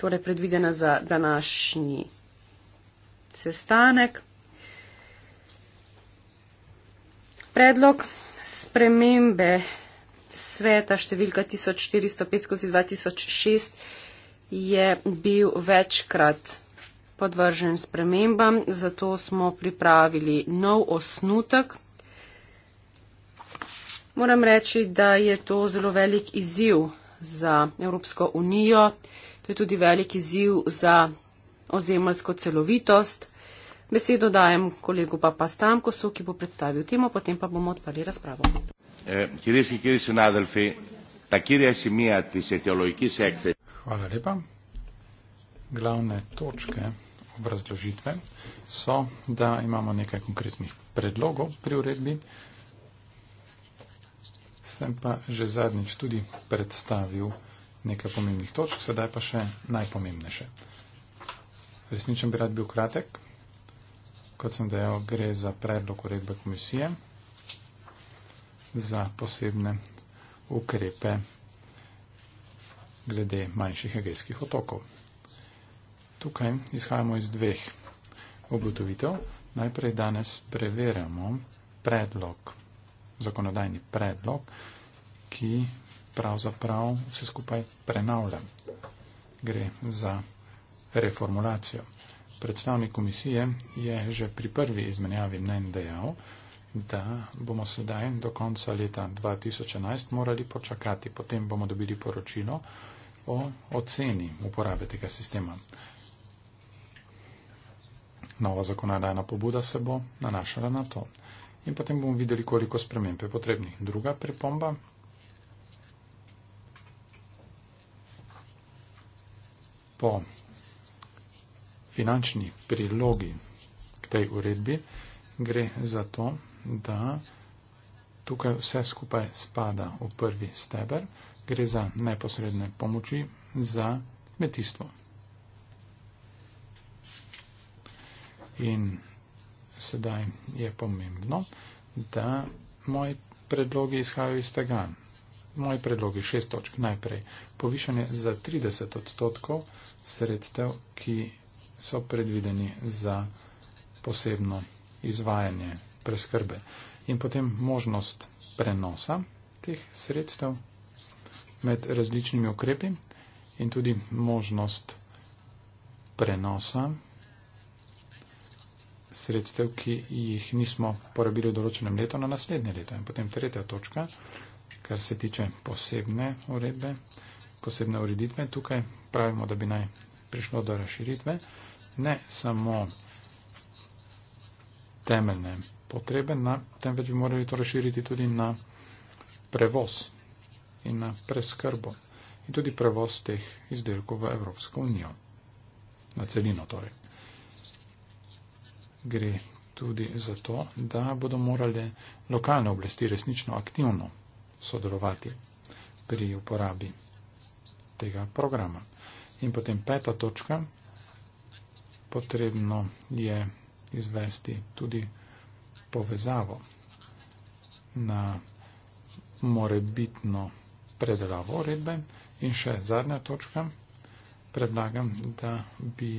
torej predvidena za današnji sestanek. Predlog spremembe sveta številka 1405 skozi 2006 je bil večkrat podvržen spremembam, zato smo pripravili nov osnutek. Moram reči, da je to zelo velik izziv za Evropsko unijo, to je tudi velik izziv za ozemljsko celovitost. Besedo dajem kolegu Papa Stamkosu, ki bo predstavil temo, potem pa bomo odprli razpravo. Eh, Hvala lepa. Glavne točke obrazložitve so, da imamo nekaj konkretnih predlogov pri uredbi. Sem pa že zadnjič tudi predstavil nekaj pomembnih točk, sedaj pa še najpomembnejše. Resničen bi rad bil kratek. Kot sem dejal, gre za predlog uredbe komisije za posebne ukrepe glede manjših egejskih otokov. Tukaj izhajamo iz dveh ugotovitev. Najprej danes preverjamo predlog, zakonodajni predlog, ki pravzaprav vse skupaj prenavlja. Gre za reformulacijo. Predstavnik komisije je že pri prvi izmenjavi mnen dejal, da bomo sedaj do konca leta 2011 morali počakati. Potem bomo dobili poročilo o oceni uporabe tega sistema. Nova zakonodajna pobuda se bo nanašala na to. In potem bomo videli, koliko sprememb je potrebnih. Druga pripomba. Po finančni prilogi k tej uredbi, gre za to, da tukaj vse skupaj spada v prvi steber, gre za neposredne pomoči za kmetijstvo. In sedaj je pomembno, da moji predlogi izhajajo iz tega. Moji predlogi šest točk najprej. Povišanje za 30 odstotkov sredstev, ki so predvideni za posebno izvajanje preskrbe. In potem možnost prenosa teh sredstev med različnimi ukrepi in tudi možnost prenosa sredstev, ki jih nismo porabili v določenem letu na naslednje leto. In potem tretja točka, kar se tiče posebne uredbe, posebne ureditve. Tukaj pravimo, da bi naj prišlo do razširitve ne samo temeljne potrebe, na, temveč bi morali to razširiti tudi na prevoz in na preskrbo in tudi prevoz teh izdelkov v Evropsko unijo, na celino torej. Gre tudi za to, da bodo morale lokalne oblasti resnično aktivno sodelovati pri uporabi tega programa. In potem peta točka, potrebno je izvesti tudi povezavo na morebitno predelavo uredbe. In še zadnja točka, predlagam, da bi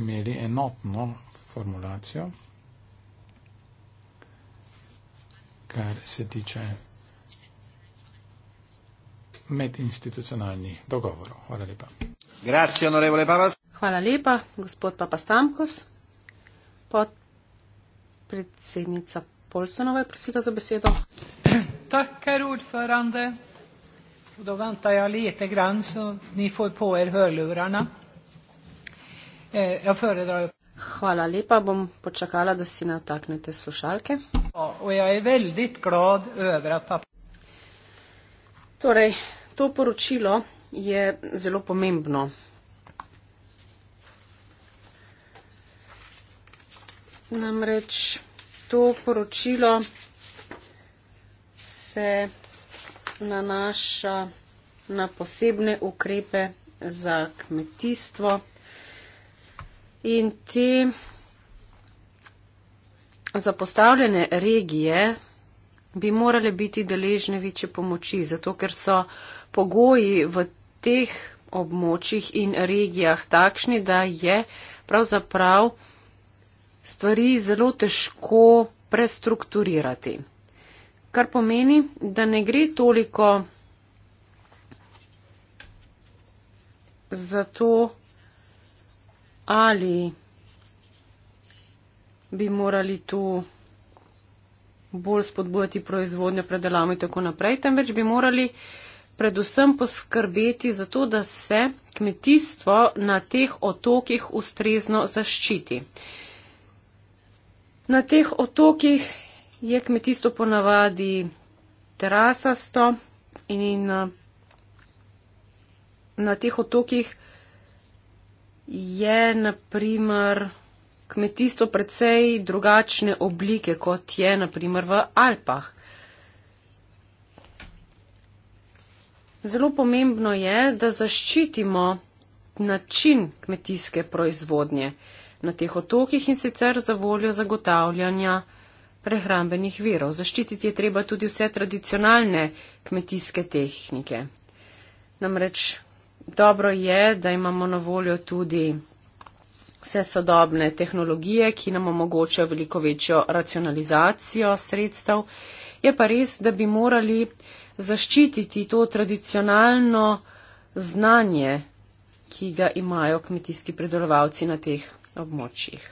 imeli enotno formulacijo, kar se tiče medinstitucionalni dogovor. Hvala lepa. Hvala lepa, gospod Papa Stamkos. Podpredsednica Polsonova je prosila za besedo. Takar odförande. Da vantar jeg lite grann, så ni får på er hørlurarna. Eh, jeg foredrar Hvala lepa, bom počakala, da si nataknete slušalke. Ja, og jeg er veldig glad over at pappa... Torej, to poročilo je zelo pomembno. Namreč to poročilo se nanaša na posebne ukrepe za kmetijstvo in te zapostavljene regije bi morale biti deležne večje pomoči, zato ker so pogoji v teh območjih in regijah takšni, da je pravzaprav stvari zelo težko prestrukturirati. Kar pomeni, da ne gre toliko za to, ali bi morali tu bolj spodbujati proizvodnjo, predelavo in tako naprej, temveč bi morali predvsem poskrbeti za to, da se kmetijstvo na teh otokih ustrezno zaščiti. Na teh otokih je kmetijstvo ponavadi terasasto in eh, na teh otokih je naprimer kmetijstvo precej drugačne oblike, kot je naprimer v Alpah. Zelo pomembno je, da zaščitimo način kmetijske proizvodnje na teh otokih in sicer za voljo zagotavljanja prehrambenih virov. Zaščititi je treba tudi vse tradicionalne kmetijske tehnike. Namreč dobro je, da imamo na voljo tudi vse sodobne tehnologije, ki nam omogočajo veliko večjo racionalizacijo sredstev. Je pa res, da bi morali zaščititi to tradicionalno znanje, ki ga imajo kmetijski predelovalci na teh območjih.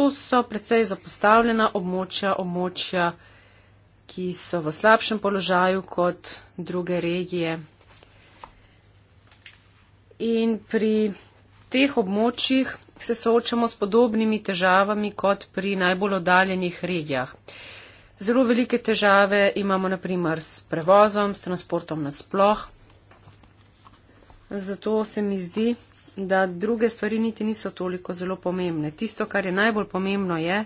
To so precej zapostavljena območja, območja, ki so v slabšem položaju kot druge regije in pri teh območjih se soočamo s podobnimi težavami kot pri najbolj oddaljenih regijah. Zelo velike težave imamo naprimer s prevozom, s transportom nasploh. Zato se mi zdi, da druge stvari niti niso toliko zelo pomembne. Tisto, kar je najbolj pomembno, je,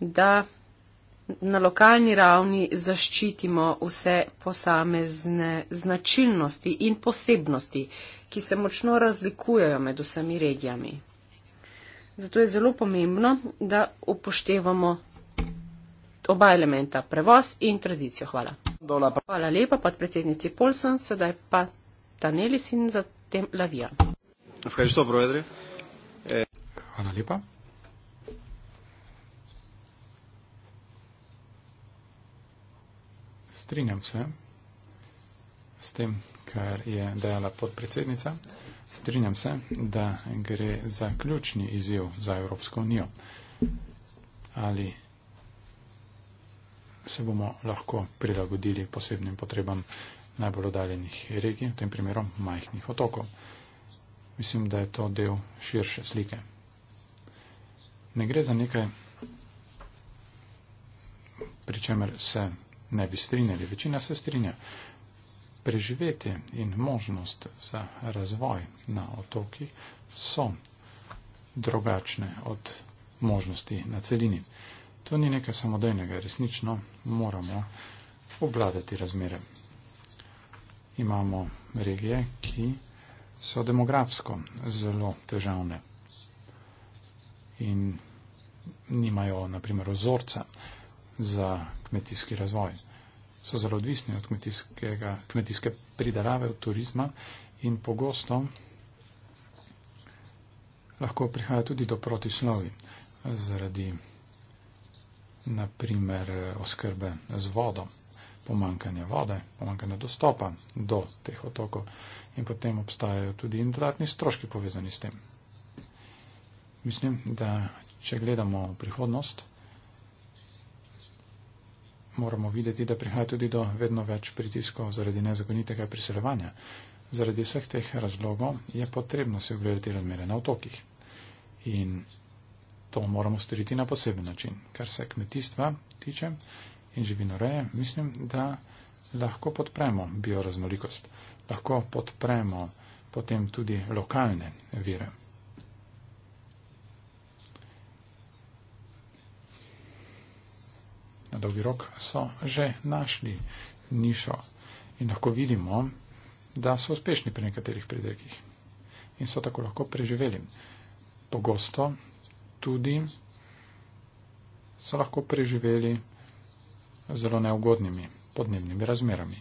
da na lokalni ravni zaščitimo vse posamezne značilnosti in posebnosti, ki se močno razlikujejo med vsemi regijami. Zato je zelo pomembno, da upoštevamo oba elementa, prevoz in tradicijo. Hvala. Hvala lepa podpredsednici Polson, sedaj pa Danelis in zatem Lavija. Hvala lepa. strinjam se s tem, kar je dejala podpredsednica. Strinjam se, da gre za ključni izjiv za Evropsko unijo. Ali se bomo lahko prilagodili posebnim potrebam najbolj odaljenih regij, v tem primeru majhnih otokov. Mislim, da je to del širše slike. Ne gre za nekaj, pri čemer se ne bi strinjali, večina se strinja. Preživetje in možnost za razvoj na otokih so drugačne od možnosti na celini. To ni nekaj samodejnega, resnično moramo obvladati razmere. Imamo regije, ki so demografsko zelo težavne in nimajo, na primer, ozorca za kmetijski razvoj. So zelo odvisni od kmetijske pridelave, od turizma in pogosto lahko prihaja tudi do protislovi zaradi naprimer oskrbe z vodo, pomankanja vode, pomankanja dostopa do teh otokov in potem obstajajo tudi dodatni stroški povezani s tem. Mislim, da če gledamo prihodnost, moramo videti, da prihaja tudi do vedno več pritiskov zaradi nezakonitega priseljevanja. Zaradi vseh teh razlogov je potrebno se ogledati razmere na otokih. In to moramo storiti na poseben način. Kar se kmetijstva tiče in živinoreje, mislim, da lahko podpremo bioraznolikost. Lahko podpremo potem tudi lokalne vire. na dolgi rok, so že našli nišo in lahko vidimo, da so uspešni pri nekaterih pridelkih in so tako lahko preživeli. Pogosto tudi so lahko preživeli zelo neugodnimi podnebnimi razmerami.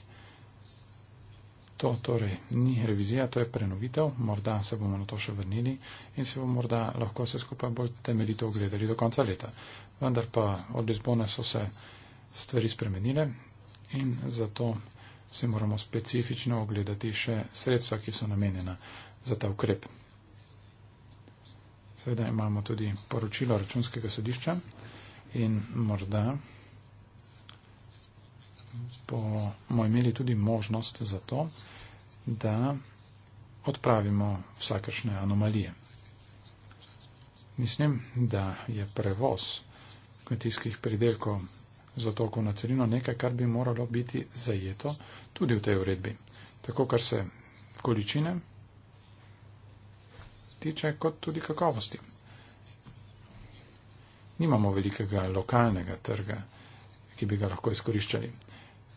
To torej ni revizija, to je prenovitev, morda se bomo na to še vrnili in se bomo morda lahko vse skupaj bolj temeljito ogledali do konca leta. Vendar pa od Lizbone so se stvari spremenile in zato se moramo specifično ogledati še sredstva, ki so namenjena za ta ukrep. Seveda imamo tudi poročilo računskega sodišča in morda bomo imeli tudi možnost za to, da odpravimo vsakršne anomalije. Mislim, da je prevoz kmetijskih pridelkov z otokov na celino nekaj, kar bi moralo biti zajeto tudi v tej uredbi. Tako, kar se količine tiče, kot tudi kakovosti. Nimamo velikega lokalnega trga, ki bi ga lahko izkoriščali.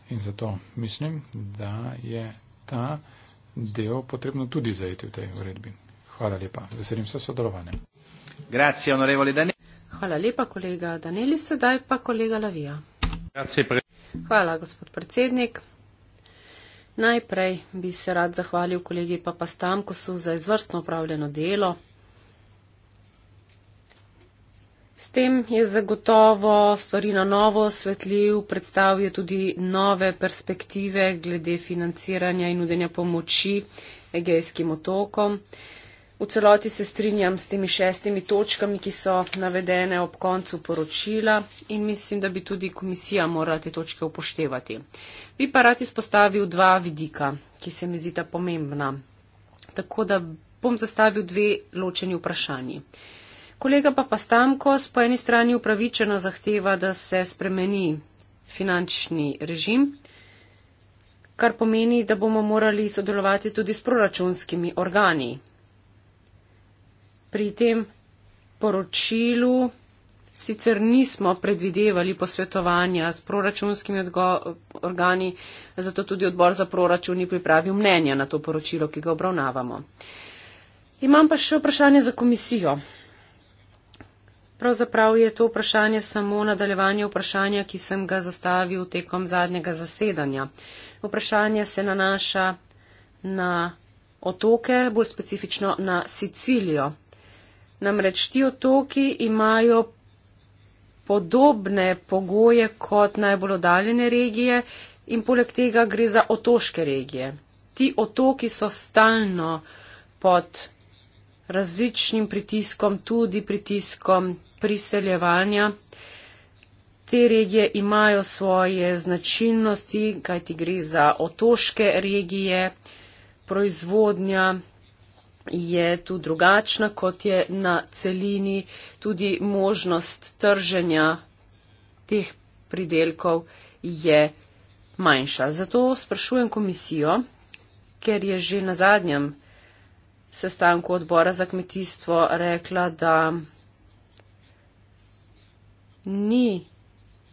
In zato mislim, da je ta del potrebno tudi zajeti v tej uredbi. Hvala lepa. Veselim se sodelovanja. Grazie, onorevoli Danil. Hvala lepa, kolega Danili, sedaj pa kolega Lavija. Hvala, gospod predsednik. Najprej bi se rad zahvalil kolegi Papastamkosu za izvrstno upravljeno delo. S tem je zagotovo stvari na novo osvetljiv, predstavil je tudi nove perspektive glede financiranja in nudenja pomoči Egejskim otokom. V celoti se strinjam s temi šestimi točkami, ki so navedene ob koncu poročila in mislim, da bi tudi komisija morala te točke upoštevati. Bi pa rad izpostavil dva vidika, ki se mi zdita pomembna. Tako da bom zastavil dve ločeni vprašanji. Kolega pa Pastamkos po eni strani upravičeno zahteva, da se spremeni finančni režim, kar pomeni, da bomo morali sodelovati tudi s proračunskimi organi. Pri tem poročilu sicer nismo predvidevali posvetovanja s proračunskimi organi, zato tudi odbor za proračun ni pripravil mnenja na to poročilo, ki ga obravnavamo. Imam pa še vprašanje za komisijo. Pravzaprav je to vprašanje samo nadaljevanje vprašanja, ki sem ga zastavil tekom zadnjega zasedanja. Vprašanje se nanaša na otoke, bolj specifično na Sicilijo. Namreč ti otoki imajo podobne pogoje kot najbolj oddaljene regije in poleg tega gre za otoške regije. Ti otoki so stalno pod različnim pritiskom, tudi pritiskom priseljevanja. Te regije imajo svoje značilnosti, kaj ti gre za otoške regije, proizvodnja je tu drugačna, kot je na celini, tudi možnost trženja teh pridelkov je manjša. Zato sprašujem komisijo, ker je že na zadnjem sestanku odbora za kmetijstvo rekla, da ni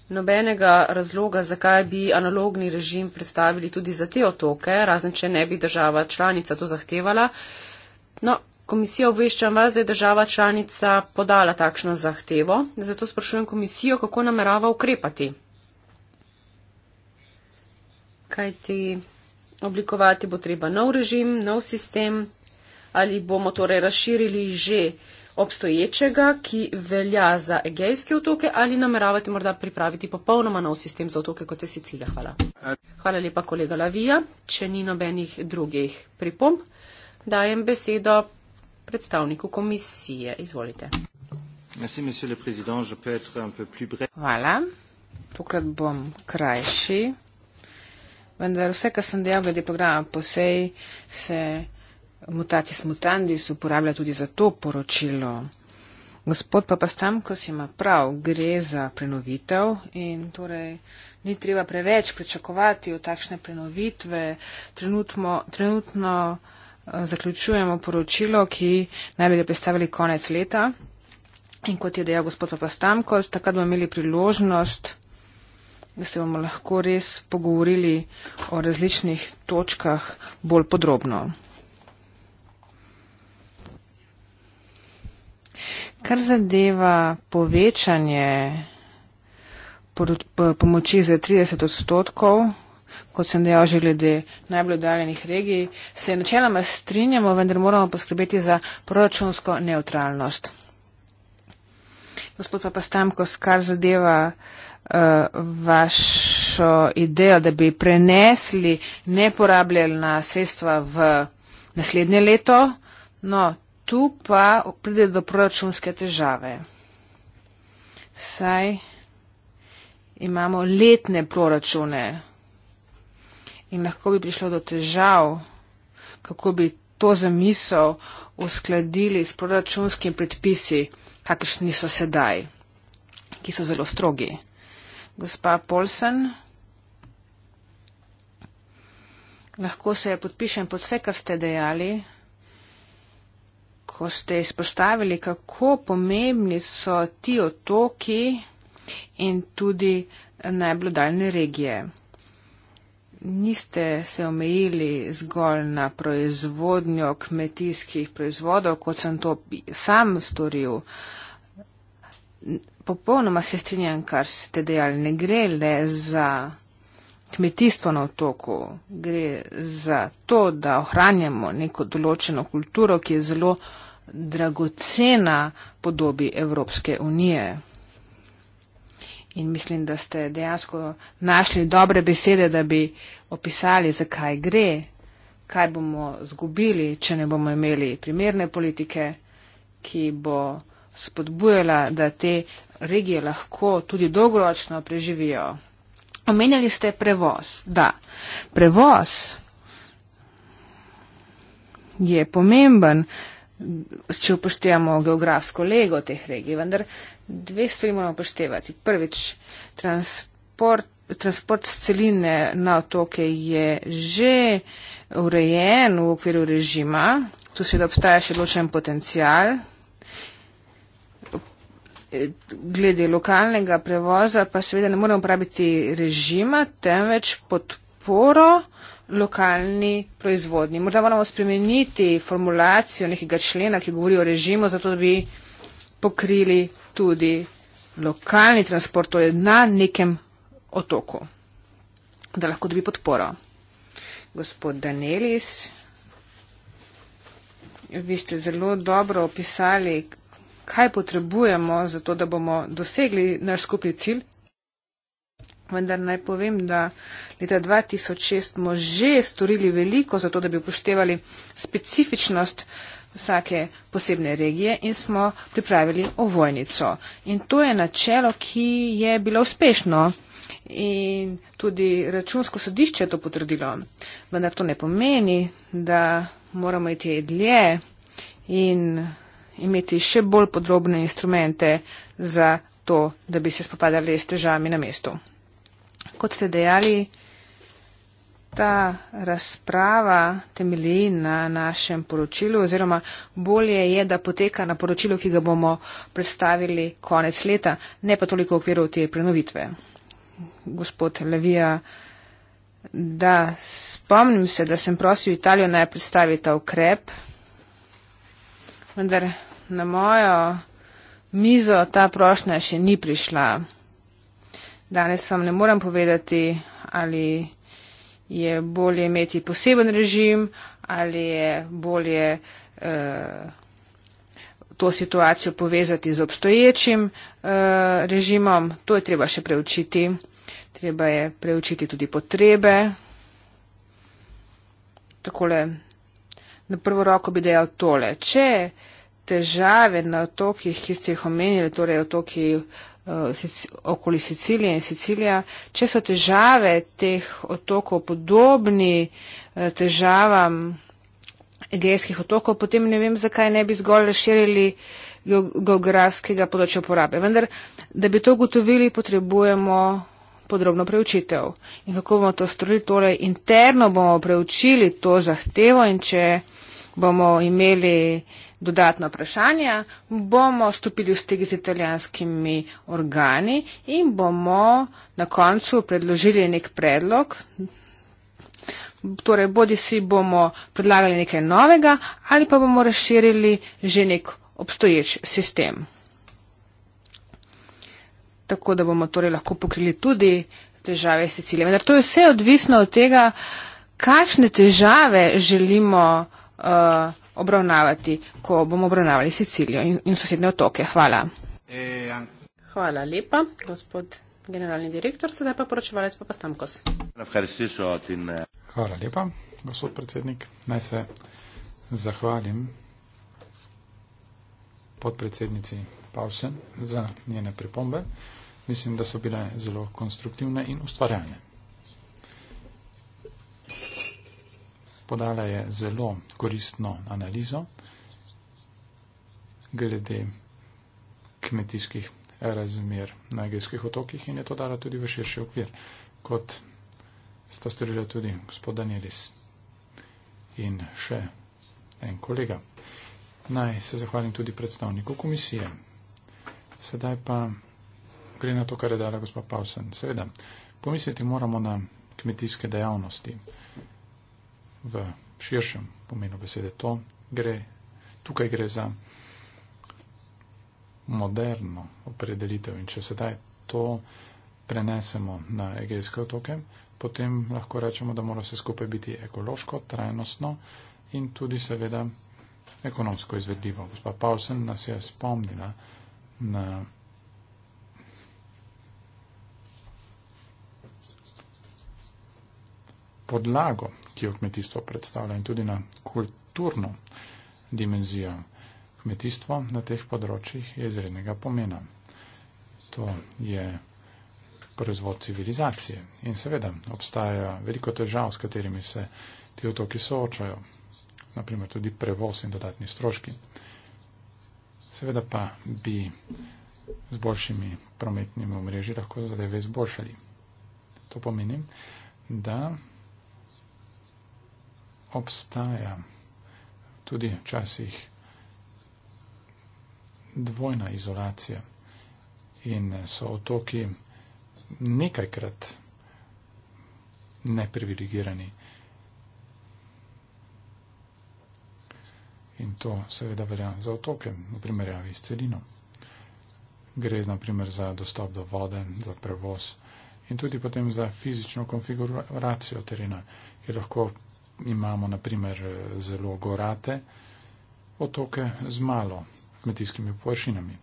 nobenega razloga, zakaj bi analogni režim predstavili tudi za te otoke, razen če ne bi država članica to zahtevala. No, komisija obveščam vas, da je država članica podala takšno zahtevo, zato sprašujem komisijo, kako namerava ukrepati. Kaj ti oblikovati bo treba nov režim, nov sistem, ali bomo torej razširili že obstoječega, ki velja za egejske otoke ali nameravate morda pripraviti popolnoma nov sistem za otoke kot je Sicilija. Hvala. Hvala lepa, kolega Lavija. Če ni nobenih drugih pripomb, dajem besedo predstavniku komisije. Izvolite. Hvala. Tokrat bom krajši. Vendar vse, kar sem dejal glede programa posej, se. Mutatis mutandis uporablja tudi za to poročilo. Gospod Papastamkos ima prav, gre za prenovitev in torej ni treba preveč pričakovati od takšne prenovitve. Trenutno, trenutno eh, zaključujemo poročilo, ki naj bi ga predstavili konec leta in kot je dejal gospod Papastamkos, takrat bomo imeli priložnost, da se bomo lahko res pogovorili o različnih točkah bolj podrobno. Kar zadeva povečanje pomoči za 30 odstotkov, kot sem dejal že glede najbolj oddaljenih regij, se načeloma strinjamo, vendar moramo poskrbeti za proračunsko neutralnost. Gospod Papastamkos, kar zadeva uh, vašo idejo, da bi prenesli neporabljena sredstva v naslednje leto, no, tu pa pride do proračunske težave. Saj imamo letne proračune in lahko bi prišlo do težav, kako bi to zamisel uskladili s proračunskim predpisi, kakršni so sedaj, ki so zelo strogi. Gospa Polsen, lahko se podpišem pod vse, kar ste dejali ko ste izpostavili, kako pomembni so ti otoki in tudi najbolj daljne regije. Niste se omejili zgolj na proizvodnjo kmetijskih proizvodov, kot sem to sam storil. Popolnoma se strinjam, kar ste dejali, ne gre le za kmetijstvo na otoku, gre za to, da ohranjamo neko določeno kulturo, ki je zelo dragocena podobi Evropske unije. In mislim, da ste dejansko našli dobre besede, da bi opisali, zakaj gre, kaj bomo zgubili, če ne bomo imeli primerne politike, ki bo spodbujala, da te regije lahko tudi dolgoročno preživijo. Omenjali ste prevoz. Da, prevoz je pomemben, če upoštevamo geografsko lego teh regij, vendar dve stvari moramo upoštevati. Prvič, transport. Transport z celine na otoke je že urejen v okviru režima, tu seveda obstaja še ločen potencial, Eh, glede lokalnega prevoza pa seveda ne moremo uporabiti režima, temveč podporo lokalni proizvodnji. Morda moramo spremeniti formulacijo nekega člena, ki govori o režimu, zato da bi pokrili tudi lokalni transport, torej na nekem otoku, da lahko dobi podporo. Gospod Danelis, vi ste zelo dobro opisali, kaj potrebujemo za to, da bomo dosegli naš skupni cilj. Vendar naj povem, da leta 2006 smo že storili veliko za to, da bi upoštevali specifičnost vsake posebne regije in smo pripravili ovojnico. In to je načelo, ki je bilo uspešno in tudi računsko sodišče je to potrdilo. Vendar to ne pomeni, da moramo iti dlje in imeti še bolj podrobne instrumente za to, da bi se spopadali s težavami na mestu. Kot ste dejali, ta razprava temelji na našem poročilu oziroma bolje je, da poteka na poročilu, ki ga bomo predstavili konec leta, ne pa toliko v okviru te prenovitve. Gospod Levija, da spomnim se, da sem prosil Italijo naj predstavi ta ukrep, vendar na mojo mizo ta prošnja še ni prišla. Danes vam ne morem povedati, ali je bolje imeti poseben režim, ali je bolje eh, to situacijo povezati z obstoječim eh, režimom. To je treba še preučiti. Treba je preučiti tudi potrebe. Takole, na prvo roko bi dejal tole. Če eh, težave na otokih, ki ste jih omenili, torej otoki uh, Sic okoli Sicilije in Sicilija, če so težave teh otokov podobni uh, težavam egejskih otokov, potem ne vem, zakaj ne bi zgolj razširili geografskega področja uporabe. Vendar, da bi to ugotovili, potrebujemo podrobno preučitev. In kako bomo to storili? Torej, interno bomo preučili to zahtevo in če bomo imeli uh, dodatna vprašanja, bomo stopili v stik z italijanskimi organi in bomo na koncu predložili nek predlog. Torej, bodi si bomo predlagali nekaj novega ali pa bomo razširili že nek obstoječ sistem. Tako da bomo torej lahko pokrili tudi težave s ciljem. Vendar to je vse odvisno od tega, kakšne težave želimo uh, obravnavati, ko bomo obravnavali Sicilijo in, in sosednje otoke. Hvala. E, Hvala lepa, gospod generalni direktor, sedaj pa poročevalec pa Pastamkos. Hvala lepa, gospod predsednik. Naj se zahvalim podpredsednici Pavsen za njene pripombe. Mislim, da so bile zelo konstruktivne in ustvarjalne. podala je zelo koristno analizo glede kmetijskih razmer na egejskih otokih in je to dala tudi v širši okvir, kot sta storila tudi gospod Danielis in še en kolega. Naj se zahvalim tudi predstavniku komisije. Sedaj pa gre na to, kar je dala gospod Pausen. Seveda, pomisliti moramo na kmetijske dejavnosti v širšem pomenu besede to, gre, tukaj gre za moderno opredelitev in če sedaj to prenesemo na Egejske otoke, potem lahko rečemo, da mora vse skupaj biti ekološko, trajnostno in tudi seveda ekonomsko izvedljivo. Gospa Paulsen nas je spomnila na podlago ki jo kmetijstvo predstavlja in tudi na kulturno dimenzijo. Kmetijstvo na teh področjih je izrednega pomena. To je proizvod civilizacije in seveda obstaja veliko težav, s katerimi se ti otoki soočajo, naprimer tudi prevoz in dodatni stroški. Seveda pa bi z boljšimi prometnimi omrežji lahko zadeve izboljšali. To pomeni, da obstaja tudi včasih dvojna izolacija in so otoki nekajkrat neprivilegirani. In to seveda velja za otoke v primerjavi s celino. Gre naprimer za dostop do vode, za prevoz in tudi potem za fizično konfiguracijo terena, ki lahko imamo naprimer zelo gorate otoke z malo kmetijskimi površinami.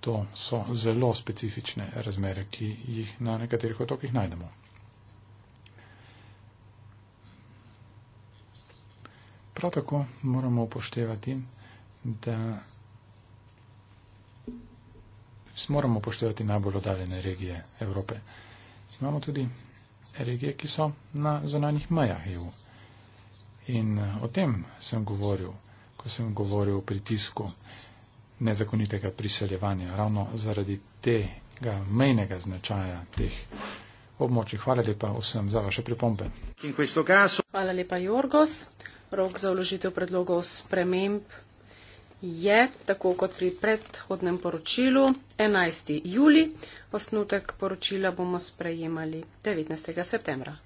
To so zelo specifične razmere, ki jih na nekaterih otokih najdemo. Prav tako moramo upoštevati, da moramo upoštevati najbolj oddaljene regije Evrope. Imamo tudi regije, ki so na zonanjih mejah EU. In eh, o tem sem govoril, ko sem govoril o pritisku nezakonitega priseljevanja, ravno zaradi tega mejnega značaja teh območij. Hvala lepa vsem za vaše pripombe. Hvala lepa, Jorgos. Rok za vložitev predlogov sprememb je, tako kot pri predhodnem poročilu, 11. juli. Osnutek poročila bomo sprejemali 19. septembra.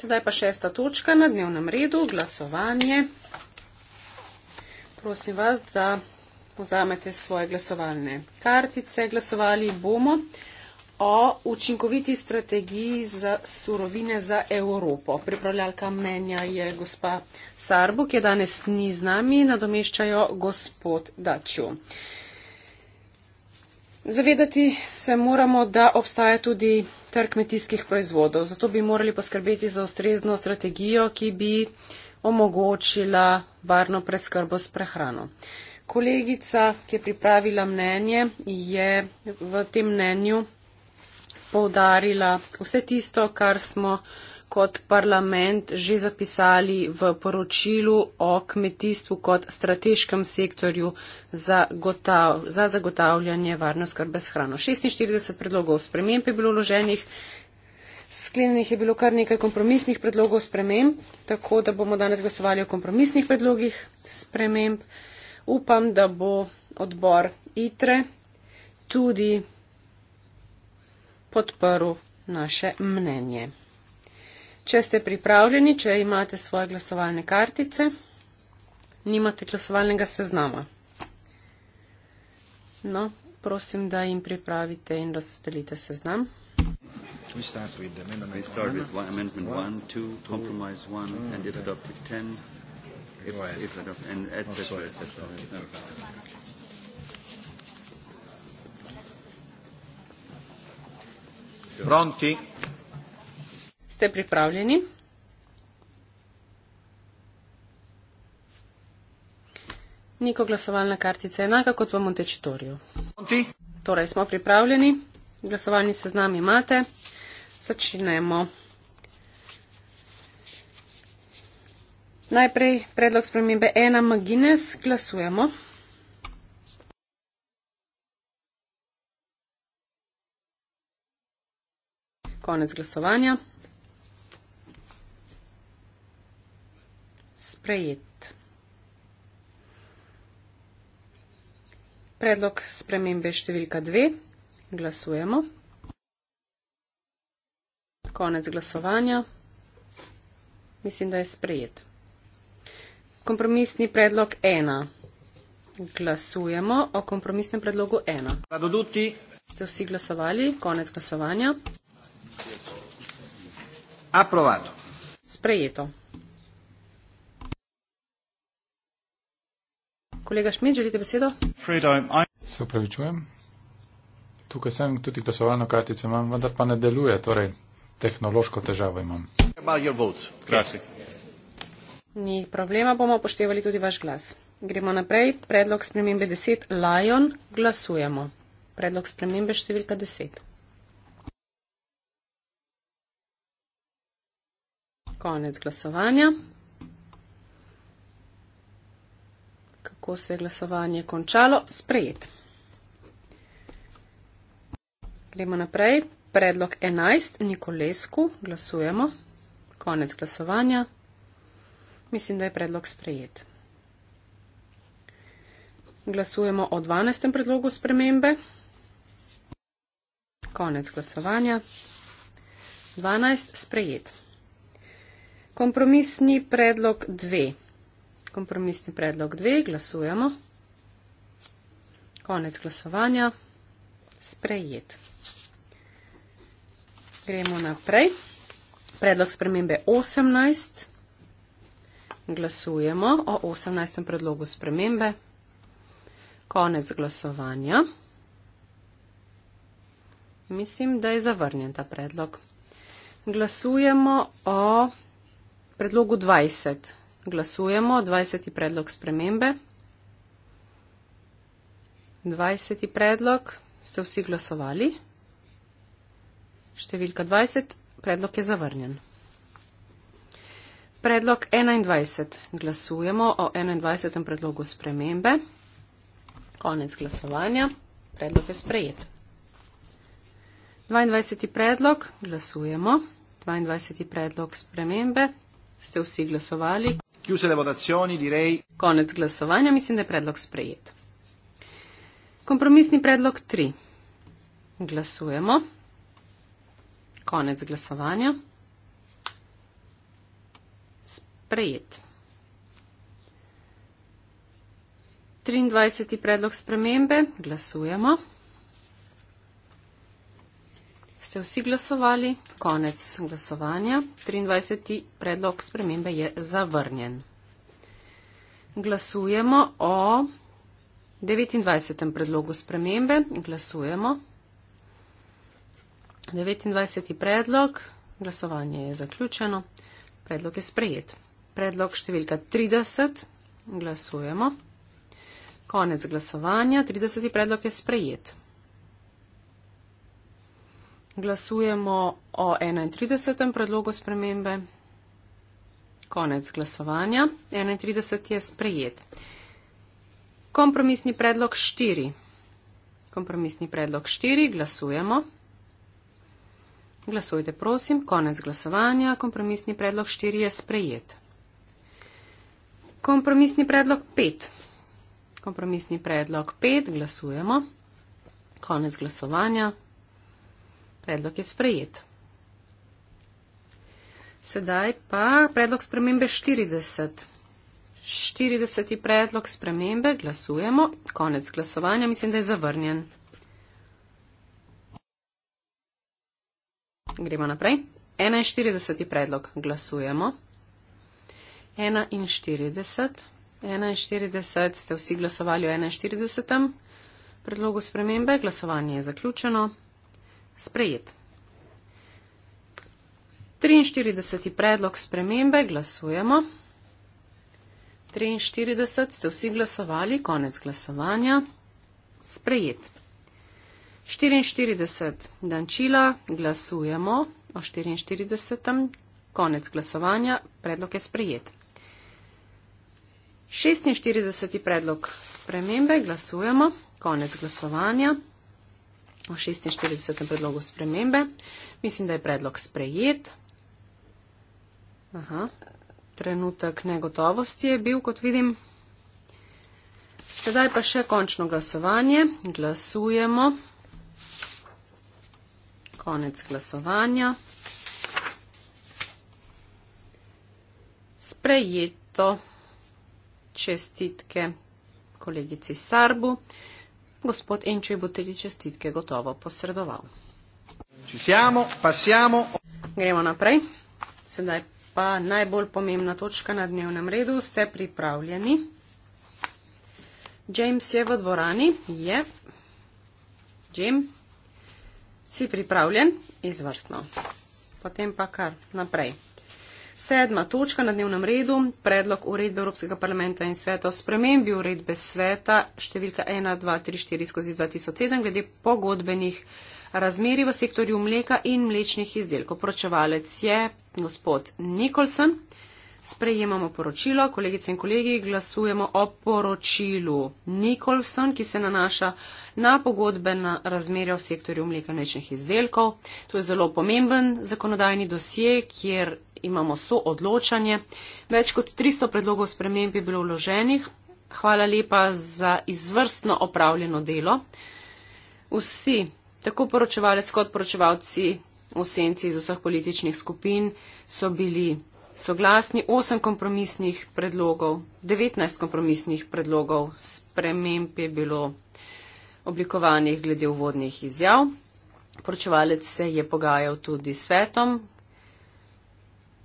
Sedaj pa šesta točka na dnevnem redu, glasovanje. Prosim vas, da vzamete svoje glasovalne kartice. Glasovali bomo o učinkoviti strategiji za surovine za Evropo. Pripravljalka mnenja je gospa Sarbu, ki je danes ni z nami, nadomeščajo gospod Dačju. Uh, Zavedati se moramo, da obstaja tudi trg kmetijskih proizvodov, zato bi morali poskrbeti za ustrezno strategijo, ki bi omogočila varno preskrbo s prehrano. Kolegica, ki je pripravila mnenje, je v tem mnenju poudarila vse tisto, kar smo kot parlament že zapisali v poročilu o kmetijstvu kot strateškem sektorju za, gotav, za zagotavljanje varnost skrbe s hrano. 46 predlogov sprememb je bilo vloženih, sklenjenih je bilo kar nekaj kompromisnih predlogov sprememb, tako da bomo danes glasovali o kompromisnih predlogih sprememb. Upam, da bo odbor ITRE tudi podporu naše mnenje. Če ste pripravljeni, če imate svoje glasovalne kartice, nimate glasovalnega seznama. No, prosim, da jim pripravite in razdelite seznam. Pronti? ste pripravljeni? Niko glasovalna kartica je enaka kot v Montečitorju. Torej smo pripravljeni, glasovalni seznam imate. Začnemo. Najprej predlog spremembe 1 Magines glasujemo. Konec glasovanja. sprejet. Predlog spremembe številka 2. Glasujemo. Konec glasovanja. Mislim, da je sprejet. Kompromisni predlog 1. Glasujemo o kompromisnem predlogu 1. Ste vsi glasovali? Konec glasovanja. Aprovato. Sprejeto. Kolega Šmit, želite besedo? Se upravičujem. Tukaj sem, tudi glasovalno kartico imam, vendar pa ne deluje, torej tehnološko težavo imam. Ni problema, bomo upoštevali tudi vaš glas. Gremo naprej. Predlog spremembe 10. Lion. Glasujemo. Predlog spremembe številka 10. Konec glasovanja. ko se je glasovanje končalo, sprejet. Gremo naprej. Predlog 11, Nikolesku, glasujemo. Konec glasovanja. Mislim, da je predlog sprejet. Glasujemo o 12. predlogu spremembe. Konec glasovanja. 12. Sprejet. Kompromisni predlog 2. Kompromisni predlog 2. Glasujemo. Konec glasovanja. Sprejet. Gremo naprej. Predlog spremembe 18. Glasujemo o 18. predlogu spremembe. Konec glasovanja. Mislim, da je zavrnjen ta predlog. Glasujemo o predlogu 20. Glasujemo. Glasujemo, 20. predlog spremembe. 20. predlog, ste vsi glasovali? Številka 20, predlog je zavrnjen. Predlog 21, glasujemo o 21. predlogu spremembe. Konec glasovanja, predlog je sprejet. 22. predlog, glasujemo. 22. predlog spremembe, ste vsi glasovali? Chiuse le votazioni, direi. Konec glasovanja, mislim, da je predlog sprejet. Kompromisni predlog 3. Glasujemo. Konec glasovanja. Sprejet. 23. predlog spremembe. Glasujemo ste vsi glasovali, konec glasovanja, 23. predlog spremembe je zavrnjen. Glasujemo o 29. predlogu spremembe. Glasujemo. 29. predlog. Glasovanje je zaključeno. Predlog je sprejet. Predlog številka 30. Glasujemo. Konec glasovanja. 30. predlog je sprejet glasujemo o 31. predlogu spremembe. Konec glasovanja. 31 je sprejet. Kompromisni predlog 4. Kompromisni predlog 4. Glasujemo. Glasujte, prosim. Konec glasovanja. Kompromisni predlog 4 je sprejet. Kompromisni predlog 5. Kompromisni predlog 5. Glasujemo. Konec glasovanja. Predlog je sprejet. Sedaj pa predlog spremembe 40. 40. predlog spremembe glasujemo. Konec glasovanja mislim, da je zavrnjen. Gremo naprej. 41. predlog glasujemo. 41. 41. Ste vsi glasovali o 41. predlogu spremembe. Glasovanje je zaključeno. Sprejet. 43. predlog spremembe glasujemo. 43. ste vsi glasovali, konec glasovanja. Sprejet. 44. Dančila glasujemo o 44. konec glasovanja, predlog je sprejet. 46. predlog spremembe glasujemo, konec glasovanja, o 46. predlogu spremembe. Mislim, da je predlog sprejet. Aha. Trenutek negotovosti je bil, kot vidim. Sedaj pa še končno glasovanje. Glasujemo. Konec glasovanja. Sprejeto. Čestitke kolegici Sarbu. Gospod Enčoj bo tudi čestitke gotovo posredoval. Ci siamo, passiamo. Gremo naprej. Sedaj pa najbolj pomembna točka na dnevnem redu. Ste pripravljeni? James je v dvorani. Je. James, si pripravljen? Izvrstno. Potem pa kar naprej. Sedma točka na dnevnem redu, predlog uredbe Evropskega parlamenta in sveta o spremembi uredbe sveta številka 1234 skozi 2007 glede pogodbenih razmeri v sektorju mleka in mlečnih izdelkov. Poročevalec je gospod Nikolson. Sprejemamo poročilo. Kolegice in kolegi, glasujemo o poročilu Nikolson, ki se nanaša na pogodbena razmerja v sektorju mleka in mlečnih izdelkov. To je zelo pomemben zakonodajni dosje, kjer imamo soodločanje. Več kot 300 predlogov sprememb je bilo vloženih. Hvala lepa za izvrstno opravljeno delo. Vsi, tako poročevalec kot poročevalci v senci iz vseh političnih skupin, so bili soglasni. 8 kompromisnih predlogov, 19 kompromisnih predlogov sprememb je bilo oblikovanih glede uvodnih izjav. Poročevalec se je pogajal tudi s svetom,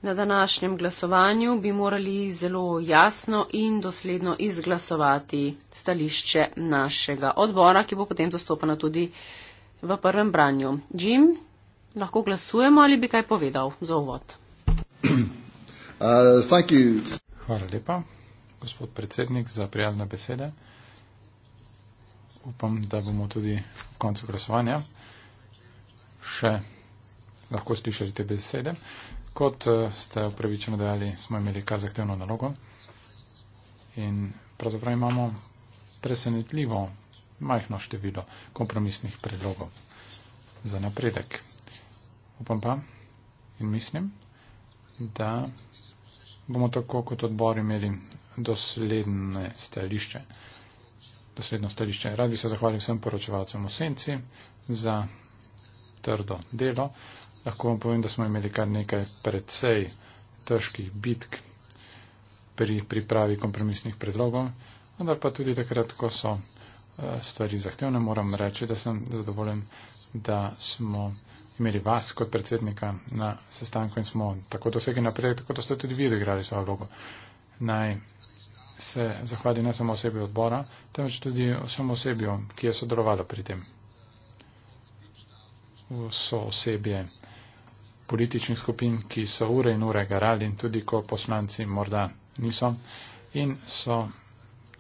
Na današnjem glasovanju bi morali zelo jasno in dosledno izglasovati stališče našega odbora, ki bo potem zastopana tudi v prvem branju. Jim, lahko glasujemo ali bi kaj povedal za uvod? Uh, Hvala lepa, gospod predsednik, za prijazne besede. Upam, da bomo tudi v koncu glasovanja še lahko slišali te besede. Kot eh, ste upravičeno dejali, smo imeli kar zahtevno nalogo in pravzaprav imamo presenetljivo majhno število kompromisnih predlogov za napredek. Upam pa in mislim, da bomo tako kot odbor imeli dosledne stališče. Dosledno stališče. Rad bi se zahvalil vsem poročevalcem v Senci za trdo delo lahko vam povem, da smo imeli kar nekaj predsej težkih bitk pri pripravi kompromisnih predlogov, vendar pa tudi takrat, ko so eh, stvari zahtevne, moram reči, da sem zadovoljen, da smo imeli vas kot predsednika na sestanku in smo tako dosegli napredek, tako da ste tudi vi odigrali svojo vlogo. Naj se zahvali ne samo osebi odbora, temveč tudi vsem osebju, ki je sodelovalo pri tem. Vso osebje političnih skupin, ki so ure in ure garali in tudi ko poslanci morda niso in so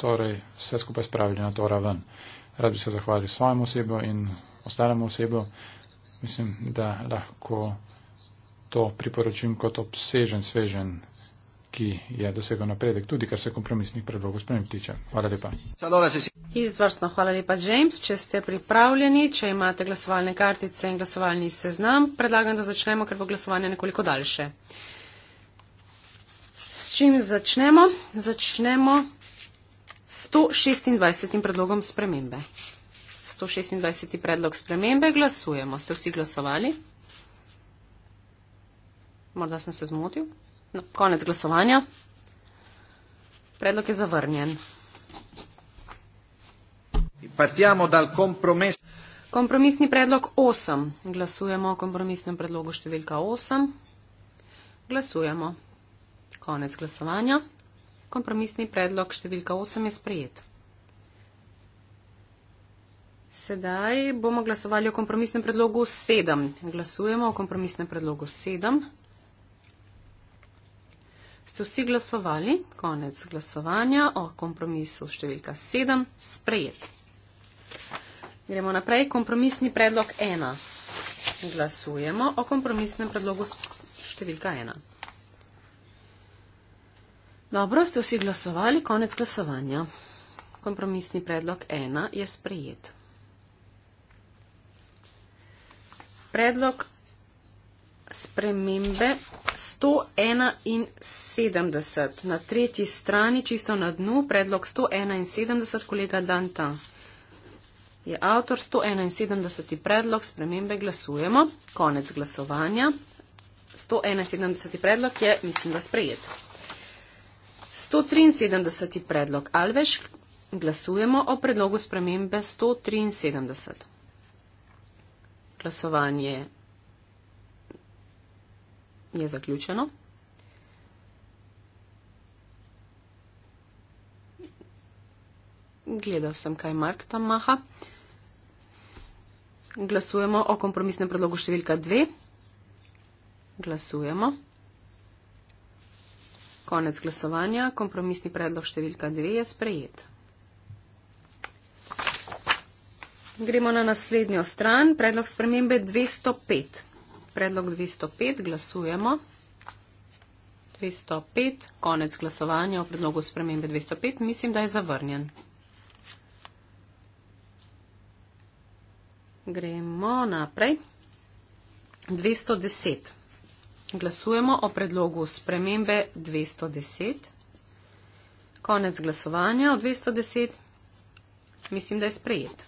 torej vse skupaj spravili na to raven. Rad bi se zahvalil svojemu osebu in ostalemu osebu. Mislim, da lahko to priporočim kot obsežen, svežen ki je dosegel napredek, tudi kar se kompromisnih predlogov sprememb tiče. Hvala lepa. Izvrstno, hvala lepa, James. Če ste pripravljeni, če imate glasovalne kartice in glasovalni seznam, predlagam, da začnemo, ker bo glasovanje nekoliko daljše. S čim začnemo? Začnemo 126. predlogom spremembe. 126. predlog spremembe. Glasujemo. Ste vsi glasovali? Morda sem se zmotil. No, konec glasovanja. Predlog je zavrnjen. Partiamo dal kompromis. Kompromisni predlog 8. Glasujemo o kompromisnem predlogu številka 8. Glasujemo. Konec glasovanja. Kompromisni predlog številka 8 je sprejet. Sedaj bomo glasovali o kompromisnem predlogu 7. Glasujemo o kompromisnem predlogu 7 ste vsi glasovali, konec glasovanja o kompromisu številka 7, sprejet. Gremo naprej, kompromisni predlog 1. Glasujemo o kompromisnem predlogu številka 1. Dobro, ste vsi glasovali, konec glasovanja. Kompromisni predlog 1 je sprejet. Predlog spremembe 171 na tretji strani, čisto na dnu, predlog 171, kolega Danta. Je avtor 171. predlog, spremembe glasujemo, konec glasovanja. 171. predlog je, mislim, da sprejet. 173. predlog Alveš, glasujemo o predlogu spremembe 173. Glasovanje je zaključeno. Gledal sem, kaj Mark tam maha. Glasujemo o kompromisnem predlogu številka 2. Glasujemo. Konec glasovanja. Kompromisni predlog številka 2 je sprejet. Gremo na naslednjo stran. Predlog spremembe 205. Predlog 205, glasujemo. 205, konec glasovanja o predlogu spremembe 205, mislim, da je zavrnjen. Gremo naprej. 210. Glasujemo o predlogu spremembe 210. Konec glasovanja o 210. Mislim, da je sprejet.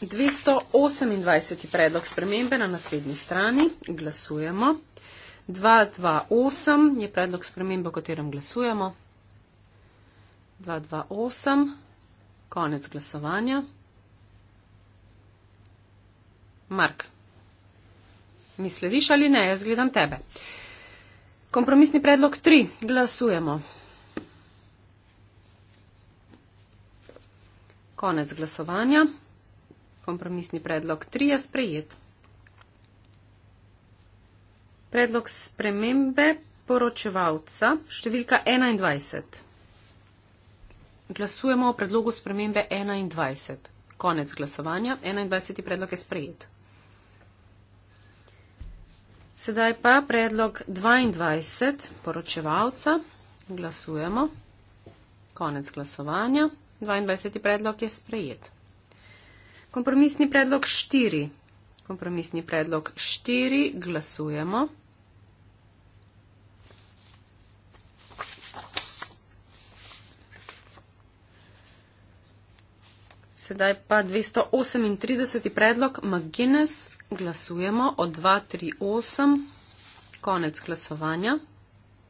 228. predlog spremembe na naslednji strani. Glasujemo. 228 je predlog spremembe, o katerem glasujemo. 228. Konec glasovanja. Mark, mi slediš ali ne? Jaz gledam tebe. Kompromisni predlog 3. Glasujemo. Konec glasovanja kompromisni predlog 3 je sprejet. Predlog spremembe poročevalca številka 21. Glasujemo o predlogu spremembe 21. Konec glasovanja. 21. predlog je sprejet. Sedaj pa predlog 22 poročevalca. Glasujemo. Konec glasovanja. 22. predlog je sprejet. Kompromisni predlog štiri. Kompromisni predlog štiri. Glasujemo. Sedaj pa 238. predlog McGuinness. Glasujemo o 238. Konec glasovanja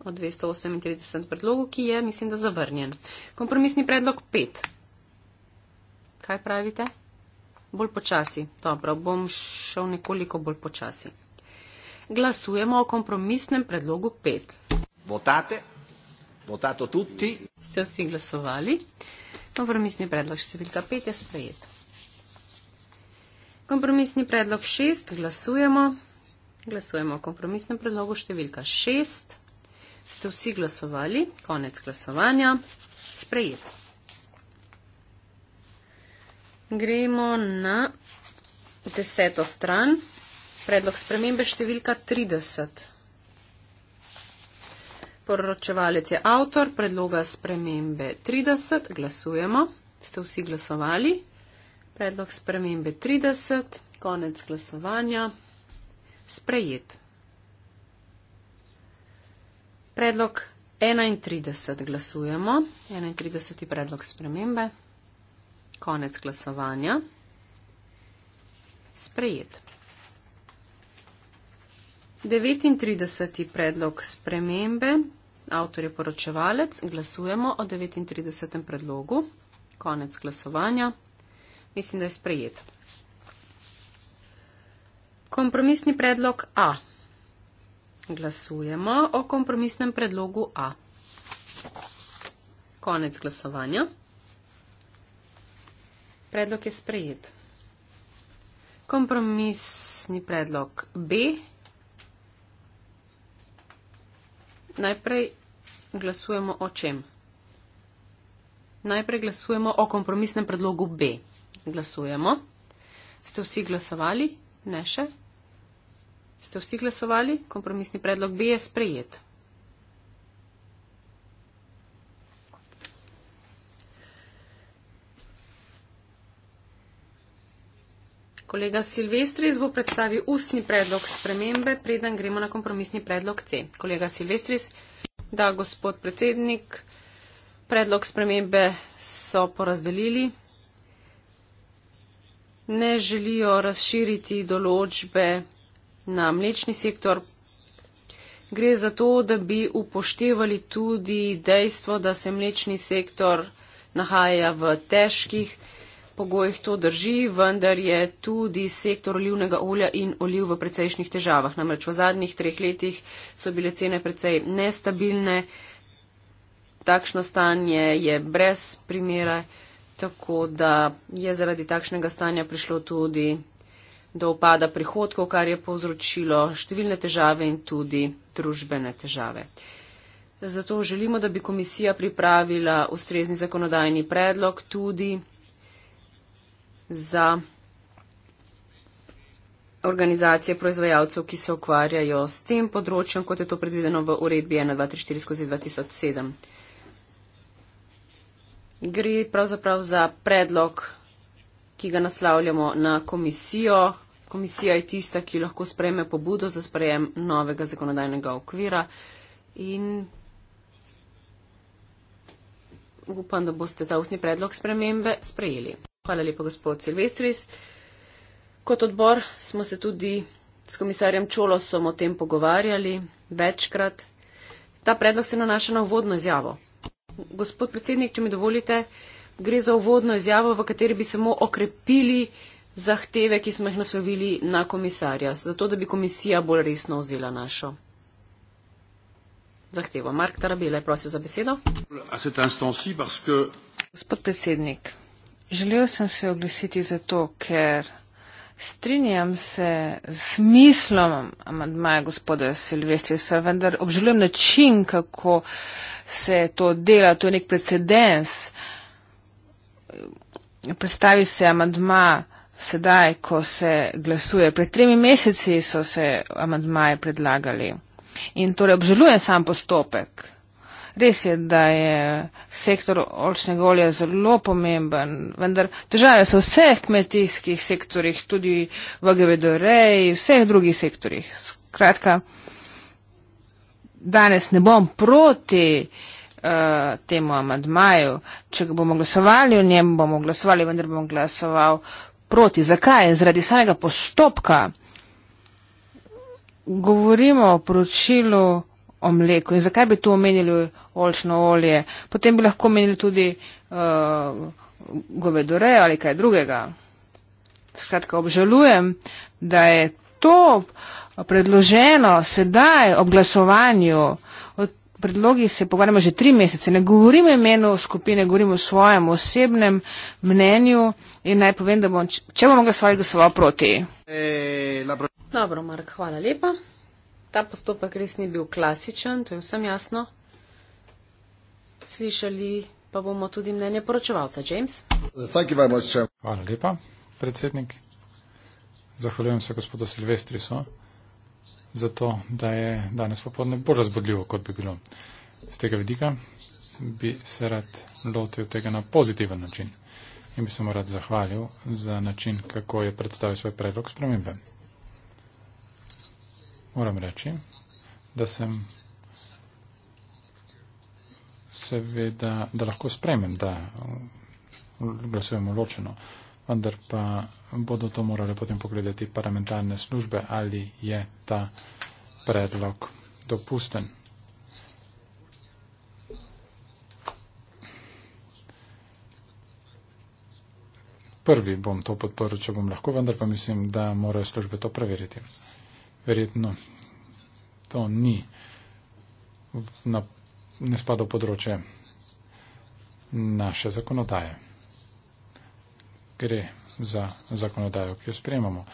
o 238. predlogu, ki je, mislim, da zavrnjen. Kompromisni predlog 5. Kaj pravite? Bolj počasi. Dobro, bom šel nekoliko bolj počasi. Glasujemo o kompromisnem predlogu 5. Votate? Votato tutti? Ste vsi glasovali? Kompromisni predlog številka 5 je sprejet. Kompromisni predlog 6. Glasujemo. Glasujemo o kompromisnem predlogu številka 6. Ste vsi glasovali? Konec glasovanja. Sprejet. Gremo na deseto stran, predlog spremembe številka 30. Poročevalec je avtor predloga spremembe 30, glasujemo. Ste vsi glasovali? Predlog spremembe 30, konec glasovanja, sprejet. Predlog 31, glasujemo. 31 je predlog spremembe. Konec glasovanja. Sprejet. 39. predlog spremembe. Avtor je poročevalec. Glasujemo o 39. predlogu. Konec glasovanja. Mislim, da je sprejet. Kompromisni predlog A. Glasujemo o kompromisnem predlogu A. Konec glasovanja. Predlog je sprejet. Kompromisni predlog B. Najprej glasujemo o čem? Najprej glasujemo o kompromisnem predlogu B. Glasujemo. Ste vsi glasovali? Ne še? Ste vsi glasovali? Kompromisni predlog B je sprejet. Kolega Silvestris bo predstavil ustni predlog spremembe, preden gremo na kompromisni predlog C. Kolega Silvestris, da gospod predsednik, predlog spremembe so porazdelili. Ne želijo razširiti določbe na mlečni sektor. Gre za to, da bi upoštevali tudi dejstvo, da se mlečni sektor nahaja v težkih pogojih to drži, vendar je tudi sektor olivnega olja in oliv v precejšnjih težavah. Namreč v zadnjih treh letih so bile cene precej nestabilne, takšno stanje je brez primere, tako da je zaradi takšnega stanja prišlo tudi do upada prihodkov, kar je povzročilo številne težave in tudi družbene težave. Zato želimo, da bi komisija pripravila ustrezni zakonodajni predlog tudi za organizacije proizvajalcev, ki se ukvarjajo s tem področjem, kot je to predvideno v uredbi 1234 skozi 2007. Gre pravzaprav za predlog, ki ga naslavljamo na komisijo. Komisija je tista, ki lahko sprejme pobudo za sprejem novega zakonodajnega okvira in upam, da boste ta ustni predlog spremembe sprejeli. Hvala lepa, gospod Silvestris. Kot odbor smo se tudi s komisarjem Čolosom o tem pogovarjali večkrat. Ta predlog se nanaša na uvodno izjavo. Gospod predsednik, če mi dovolite, gre za uvodno izjavo, v kateri bi samo okrepili zahteve, ki smo jih naslovili na komisarja, zato da bi komisija bolj resno vzela našo. Zahtevo. Mark Tarabela je prosil za besedo. Gospod predsednik, Želel sem se oglasiti zato, ker strinjam se s smislom amadmaja gospoda Silvestrisa, vendar obžalujem način, kako se to dela. To je nek precedens. Predstavi se amadma sedaj, ko se glasuje. Pred tremi meseci so se amadmaje predlagali. In torej obžalujem sam postopek. Res je, da je sektor olčnega olja zelo pomemben, vendar težave so v vseh kmetijskih sektorjih, tudi v GVD-reji, vseh drugih sektorjih. Skratka, danes ne bom proti uh, temu amadmaju. Če bomo glasovali o njem, bomo glasovali, vendar bom glasoval proti. Zakaj? Zaradi samega postopka. Govorimo o poročilu o mleku in zakaj bi tu omenili olčno olje. Potem bi lahko omenili tudi uh, govedore ali kaj drugega. Skratka, obžalujem, da je to predloženo sedaj ob glasovanju. Predlogi se pogovarjamo že tri mesece. Ne govorim o imenu skupine, govorim o svojem osebnem mnenju in naj povem, da bom, če bomo glasovali, glasoval proti. Eh, Dobro, Mark, hvala lepa ta postopek res ni bil klasičen, to je vsem jasno. Slišali pa bomo tudi mnenje poročevalca. James? Hvala lepa, predsednik. Zahvaljujem se gospodu Silvestrisu za to, da je danes popolne bolj razbodljivo, kot bi bilo. Z tega vidika bi se rad lotil tega na pozitiven način in bi se mu rad zahvalil za način, kako je predstavil svoj predlog spremembe moram reči, da sem seveda, da lahko spremem, da glasujemo ločeno, vendar pa bodo to morali potem pogledati parlamentarne službe, ali je ta predlog dopusten. Prvi bom to podporil, če bom lahko, vendar pa mislim, da morajo službe to preveriti verjetno to ni, na, ne spada v področje naše zakonodaje. Gre za zakonodajo, ki jo sprejemamo.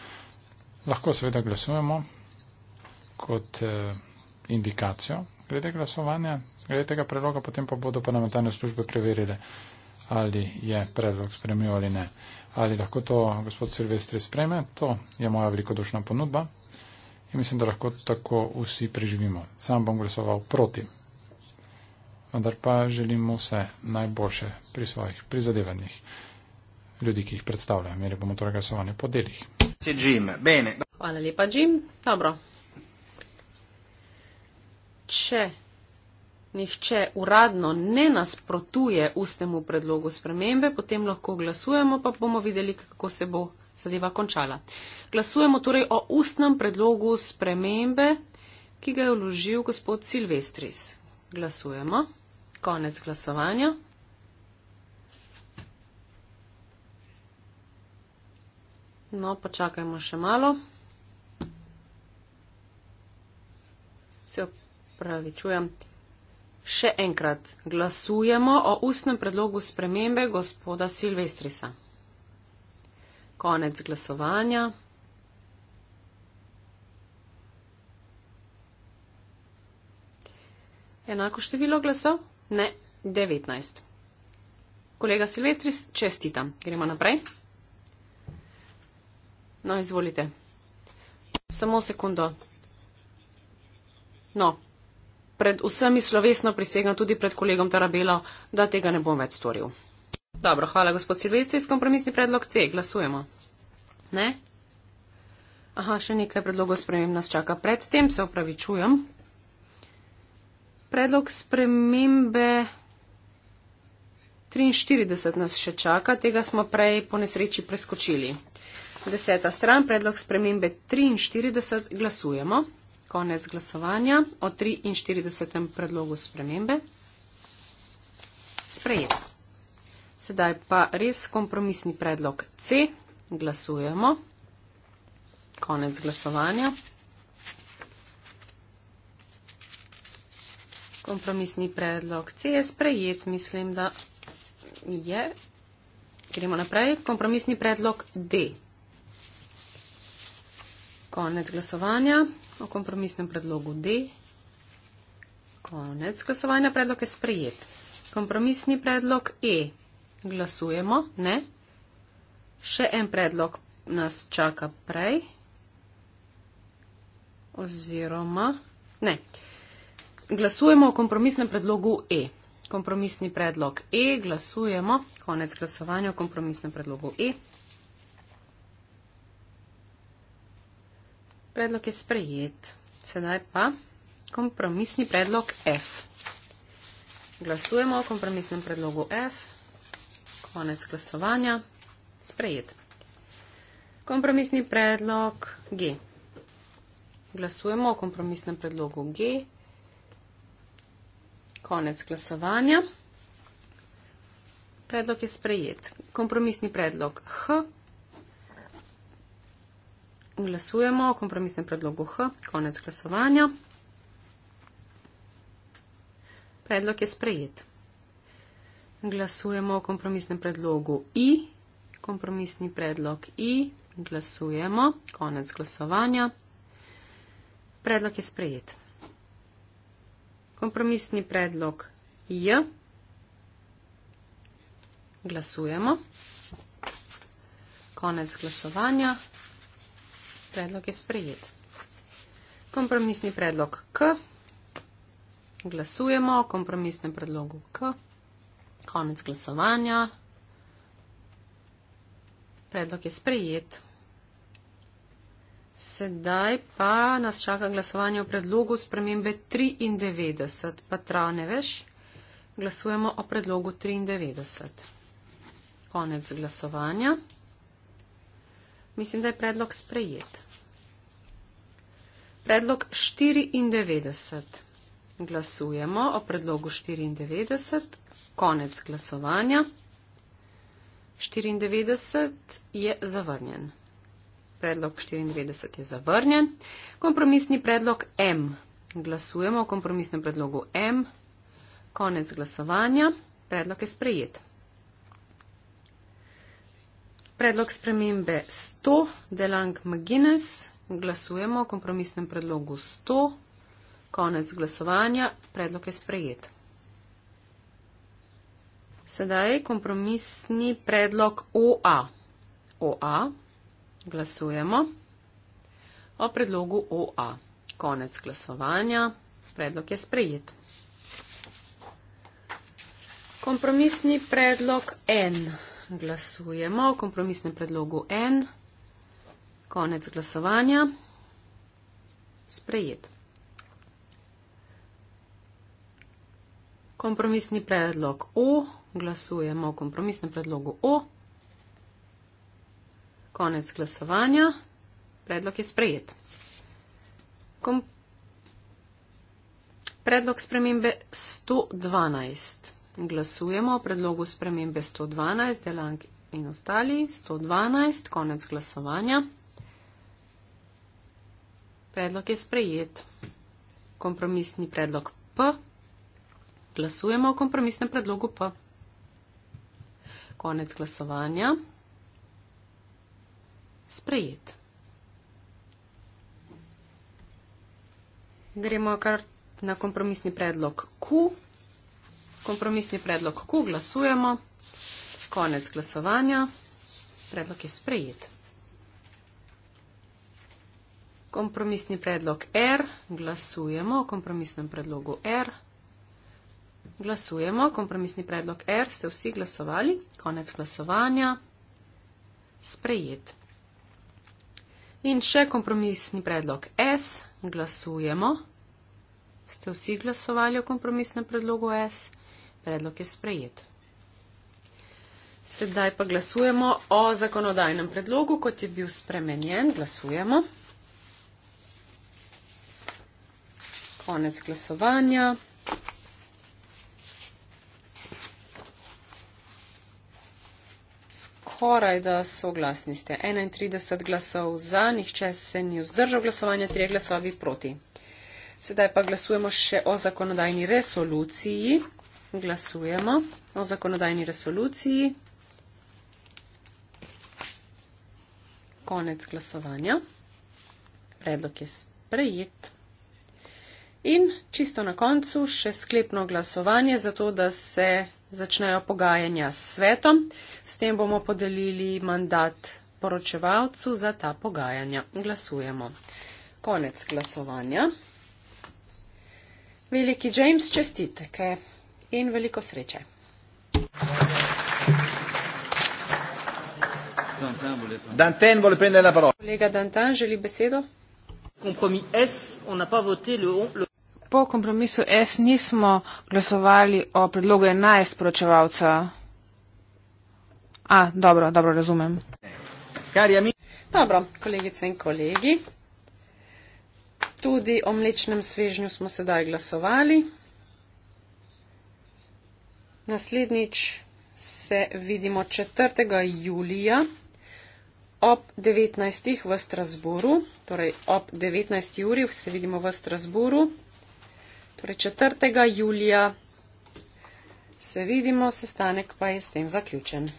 Lahko seveda glasujemo kot eh, indikacijo glede glasovanja, glede tega predloga, potem pa bodo parlamentarne službe preverile, ali je predlog spremljiv ali ne. Ali lahko to gospod Silvestri spreme, to je moja velikodušna ponudba in mislim, da lahko tako vsi preživimo. Sam bom glasoval proti. Vendar pa želim vse najboljše pri svojih prizadevanjih ljudi, ki jih predstavlja. Imeli bomo torej glasovanje po delih. Hvala lepa, Jim. Dobro. Če nihče uradno ne nasprotuje ustnemu predlogu spremembe, potem lahko glasujemo, pa bomo videli, kako se bo zadeva končala. Glasujemo torej o ustnem predlogu spremembe, ki ga je vložil gospod Silvestris. Glasujemo. Konec glasovanja. No, počakajmo še malo. Se opravičujem. Še enkrat glasujemo o ustnem predlogu spremembe gospoda Silvestrisa konec glasovanja. Enako število glasov? Ne, 19. Kolega Silvestris, čestitam. Gremo naprej. No, izvolite. Samo sekundo. No, pred vsemi slovesno prisegam tudi pred kolegom Tarabelo, da tega ne bom več storil. Dobro, hvala, gospod Silvestris, kompromisni predlog C, glasujemo. Ne? Aha, še nekaj predlogov sprememb nas čaka. Predtem se opravičujem. Predlog spremembe 43 nas še čaka, tega smo prej po nesreči preskočili. Deseta stran, predlog spremembe 43 glasujemo. Konec glasovanja o 43. predlogu spremembe. Sprejet. Sedaj pa res kompromisni predlog C. Glasujemo. Konec glasovanja. Kompromisni predlog C je sprejet, mislim, da je. Gremo naprej. Kompromisni predlog D. Konec glasovanja o kompromisnem predlogu D. Konec glasovanja predlog je sprejet. Kompromisni predlog E glasujemo, ne. Še en predlog nas čaka prej. Oziroma, ne. Glasujemo o kompromisnem predlogu E. Kompromisni predlog E, glasujemo, konec glasovanja o kompromisnem predlogu E. Predlog je sprejet. Sedaj pa kompromisni predlog F. Glasujemo o kompromisnem predlogu F konec glasovanja. Sprejet. Kompromisni predlog G. Glasujemo o kompromisnem predlogu G. Konec glasovanja. Predlog je sprejet. Kompromisni predlog H. Glasujemo o kompromisnem predlogu H. Konec glasovanja. Predlog je sprejet glasujemo o kompromisnem predlogu I, kompromisni predlog I, glasujemo, konec glasovanja. Predlog je sprejet. Kompromisni predlog J, glasujemo, konec glasovanja. Predlog je sprejet. Kompromisni predlog K, glasujemo o kompromisnem predlogu K. Konec glasovanja. Predlog je sprejet. Sedaj pa nas čaka glasovanje o predlogu spremembe 93. Pa trav ne veš, glasujemo o predlogu 93. Konec glasovanja. Mislim, da je predlog sprejet. Predlog 94. Glasujemo o predlogu 94. Konec glasovanja. 94 je zavrnjen. Predlog 94 je zavrnjen. Kompromisni predlog M. Glasujemo o kompromisnem predlogu M. Konec glasovanja. Predlog je sprejet. Predlog spremembe 100, Delang McGuinness. Glasujemo o kompromisnem predlogu 100. Konec glasovanja. Predlog je sprejet. Sedaj kompromisni predlog OA. OA. Glasujemo o predlogu OA. Konec glasovanja. Predlog je sprejet. Kompromisni predlog N. Glasujemo o kompromisnem predlogu N. Konec glasovanja. Sprejet. Kompromisni predlog O glasujemo o kompromisnem predlogu O. Konec glasovanja. Predlog je sprejet. Kom predlog spremembe 112. Glasujemo o predlogu spremembe 112, delank in ostali. 112. Konec glasovanja. Predlog je sprejet. Kompromisni predlog P. Glasujemo o kompromisnem predlogu P konec glasovanja. Sprejet. Gremo kar na kompromisni predlog Q. Kompromisni predlog Q glasujemo. Konec glasovanja. Predlog je sprejet. Kompromisni predlog R glasujemo o kompromisnem predlogu R. Glasujemo, kompromisni predlog R, ste vsi glasovali, konec glasovanja, sprejet. In še kompromisni predlog S, glasujemo, ste vsi glasovali o kompromisnem predlogu S, predlog je sprejet. Sedaj pa glasujemo o zakonodajnem predlogu, kot je bil spremenjen, glasujemo. Konec glasovanja. skoraj da soglasni ste. 31 glasov za, nihče se ni vzdržal glasovanja, 3 glasovi proti. Sedaj pa glasujemo še o zakonodajni resoluciji. Glasujemo o zakonodajni resoluciji. Konec glasovanja. Predlog je sprejet. In čisto na koncu še sklepno glasovanje za to, da se začnejo pogajanja s svetom, s tem bomo podelili mandat poročevalcu za ta pogajanja. Glasujemo. Konec glasovanja. Veliki James, čestitke in veliko sreče. Danten bo lepo prenela parola. Kolega Danten želi besedo. Kompromis S, on n'a pas voté le. le po kompromisu S nismo glasovali o predlogu 11 poročevalca. A, dobro, dobro, razumem. Dobro, kolegice in kolegi, tudi o mlečnem svežnju smo sedaj glasovali. Naslednjič se vidimo 4. julija ob 19. v Strasburu, torej ob 19. uri se vidimo v Strasburu. Torej 4. julija se vidimo, sestanek pa je s tem zaključen.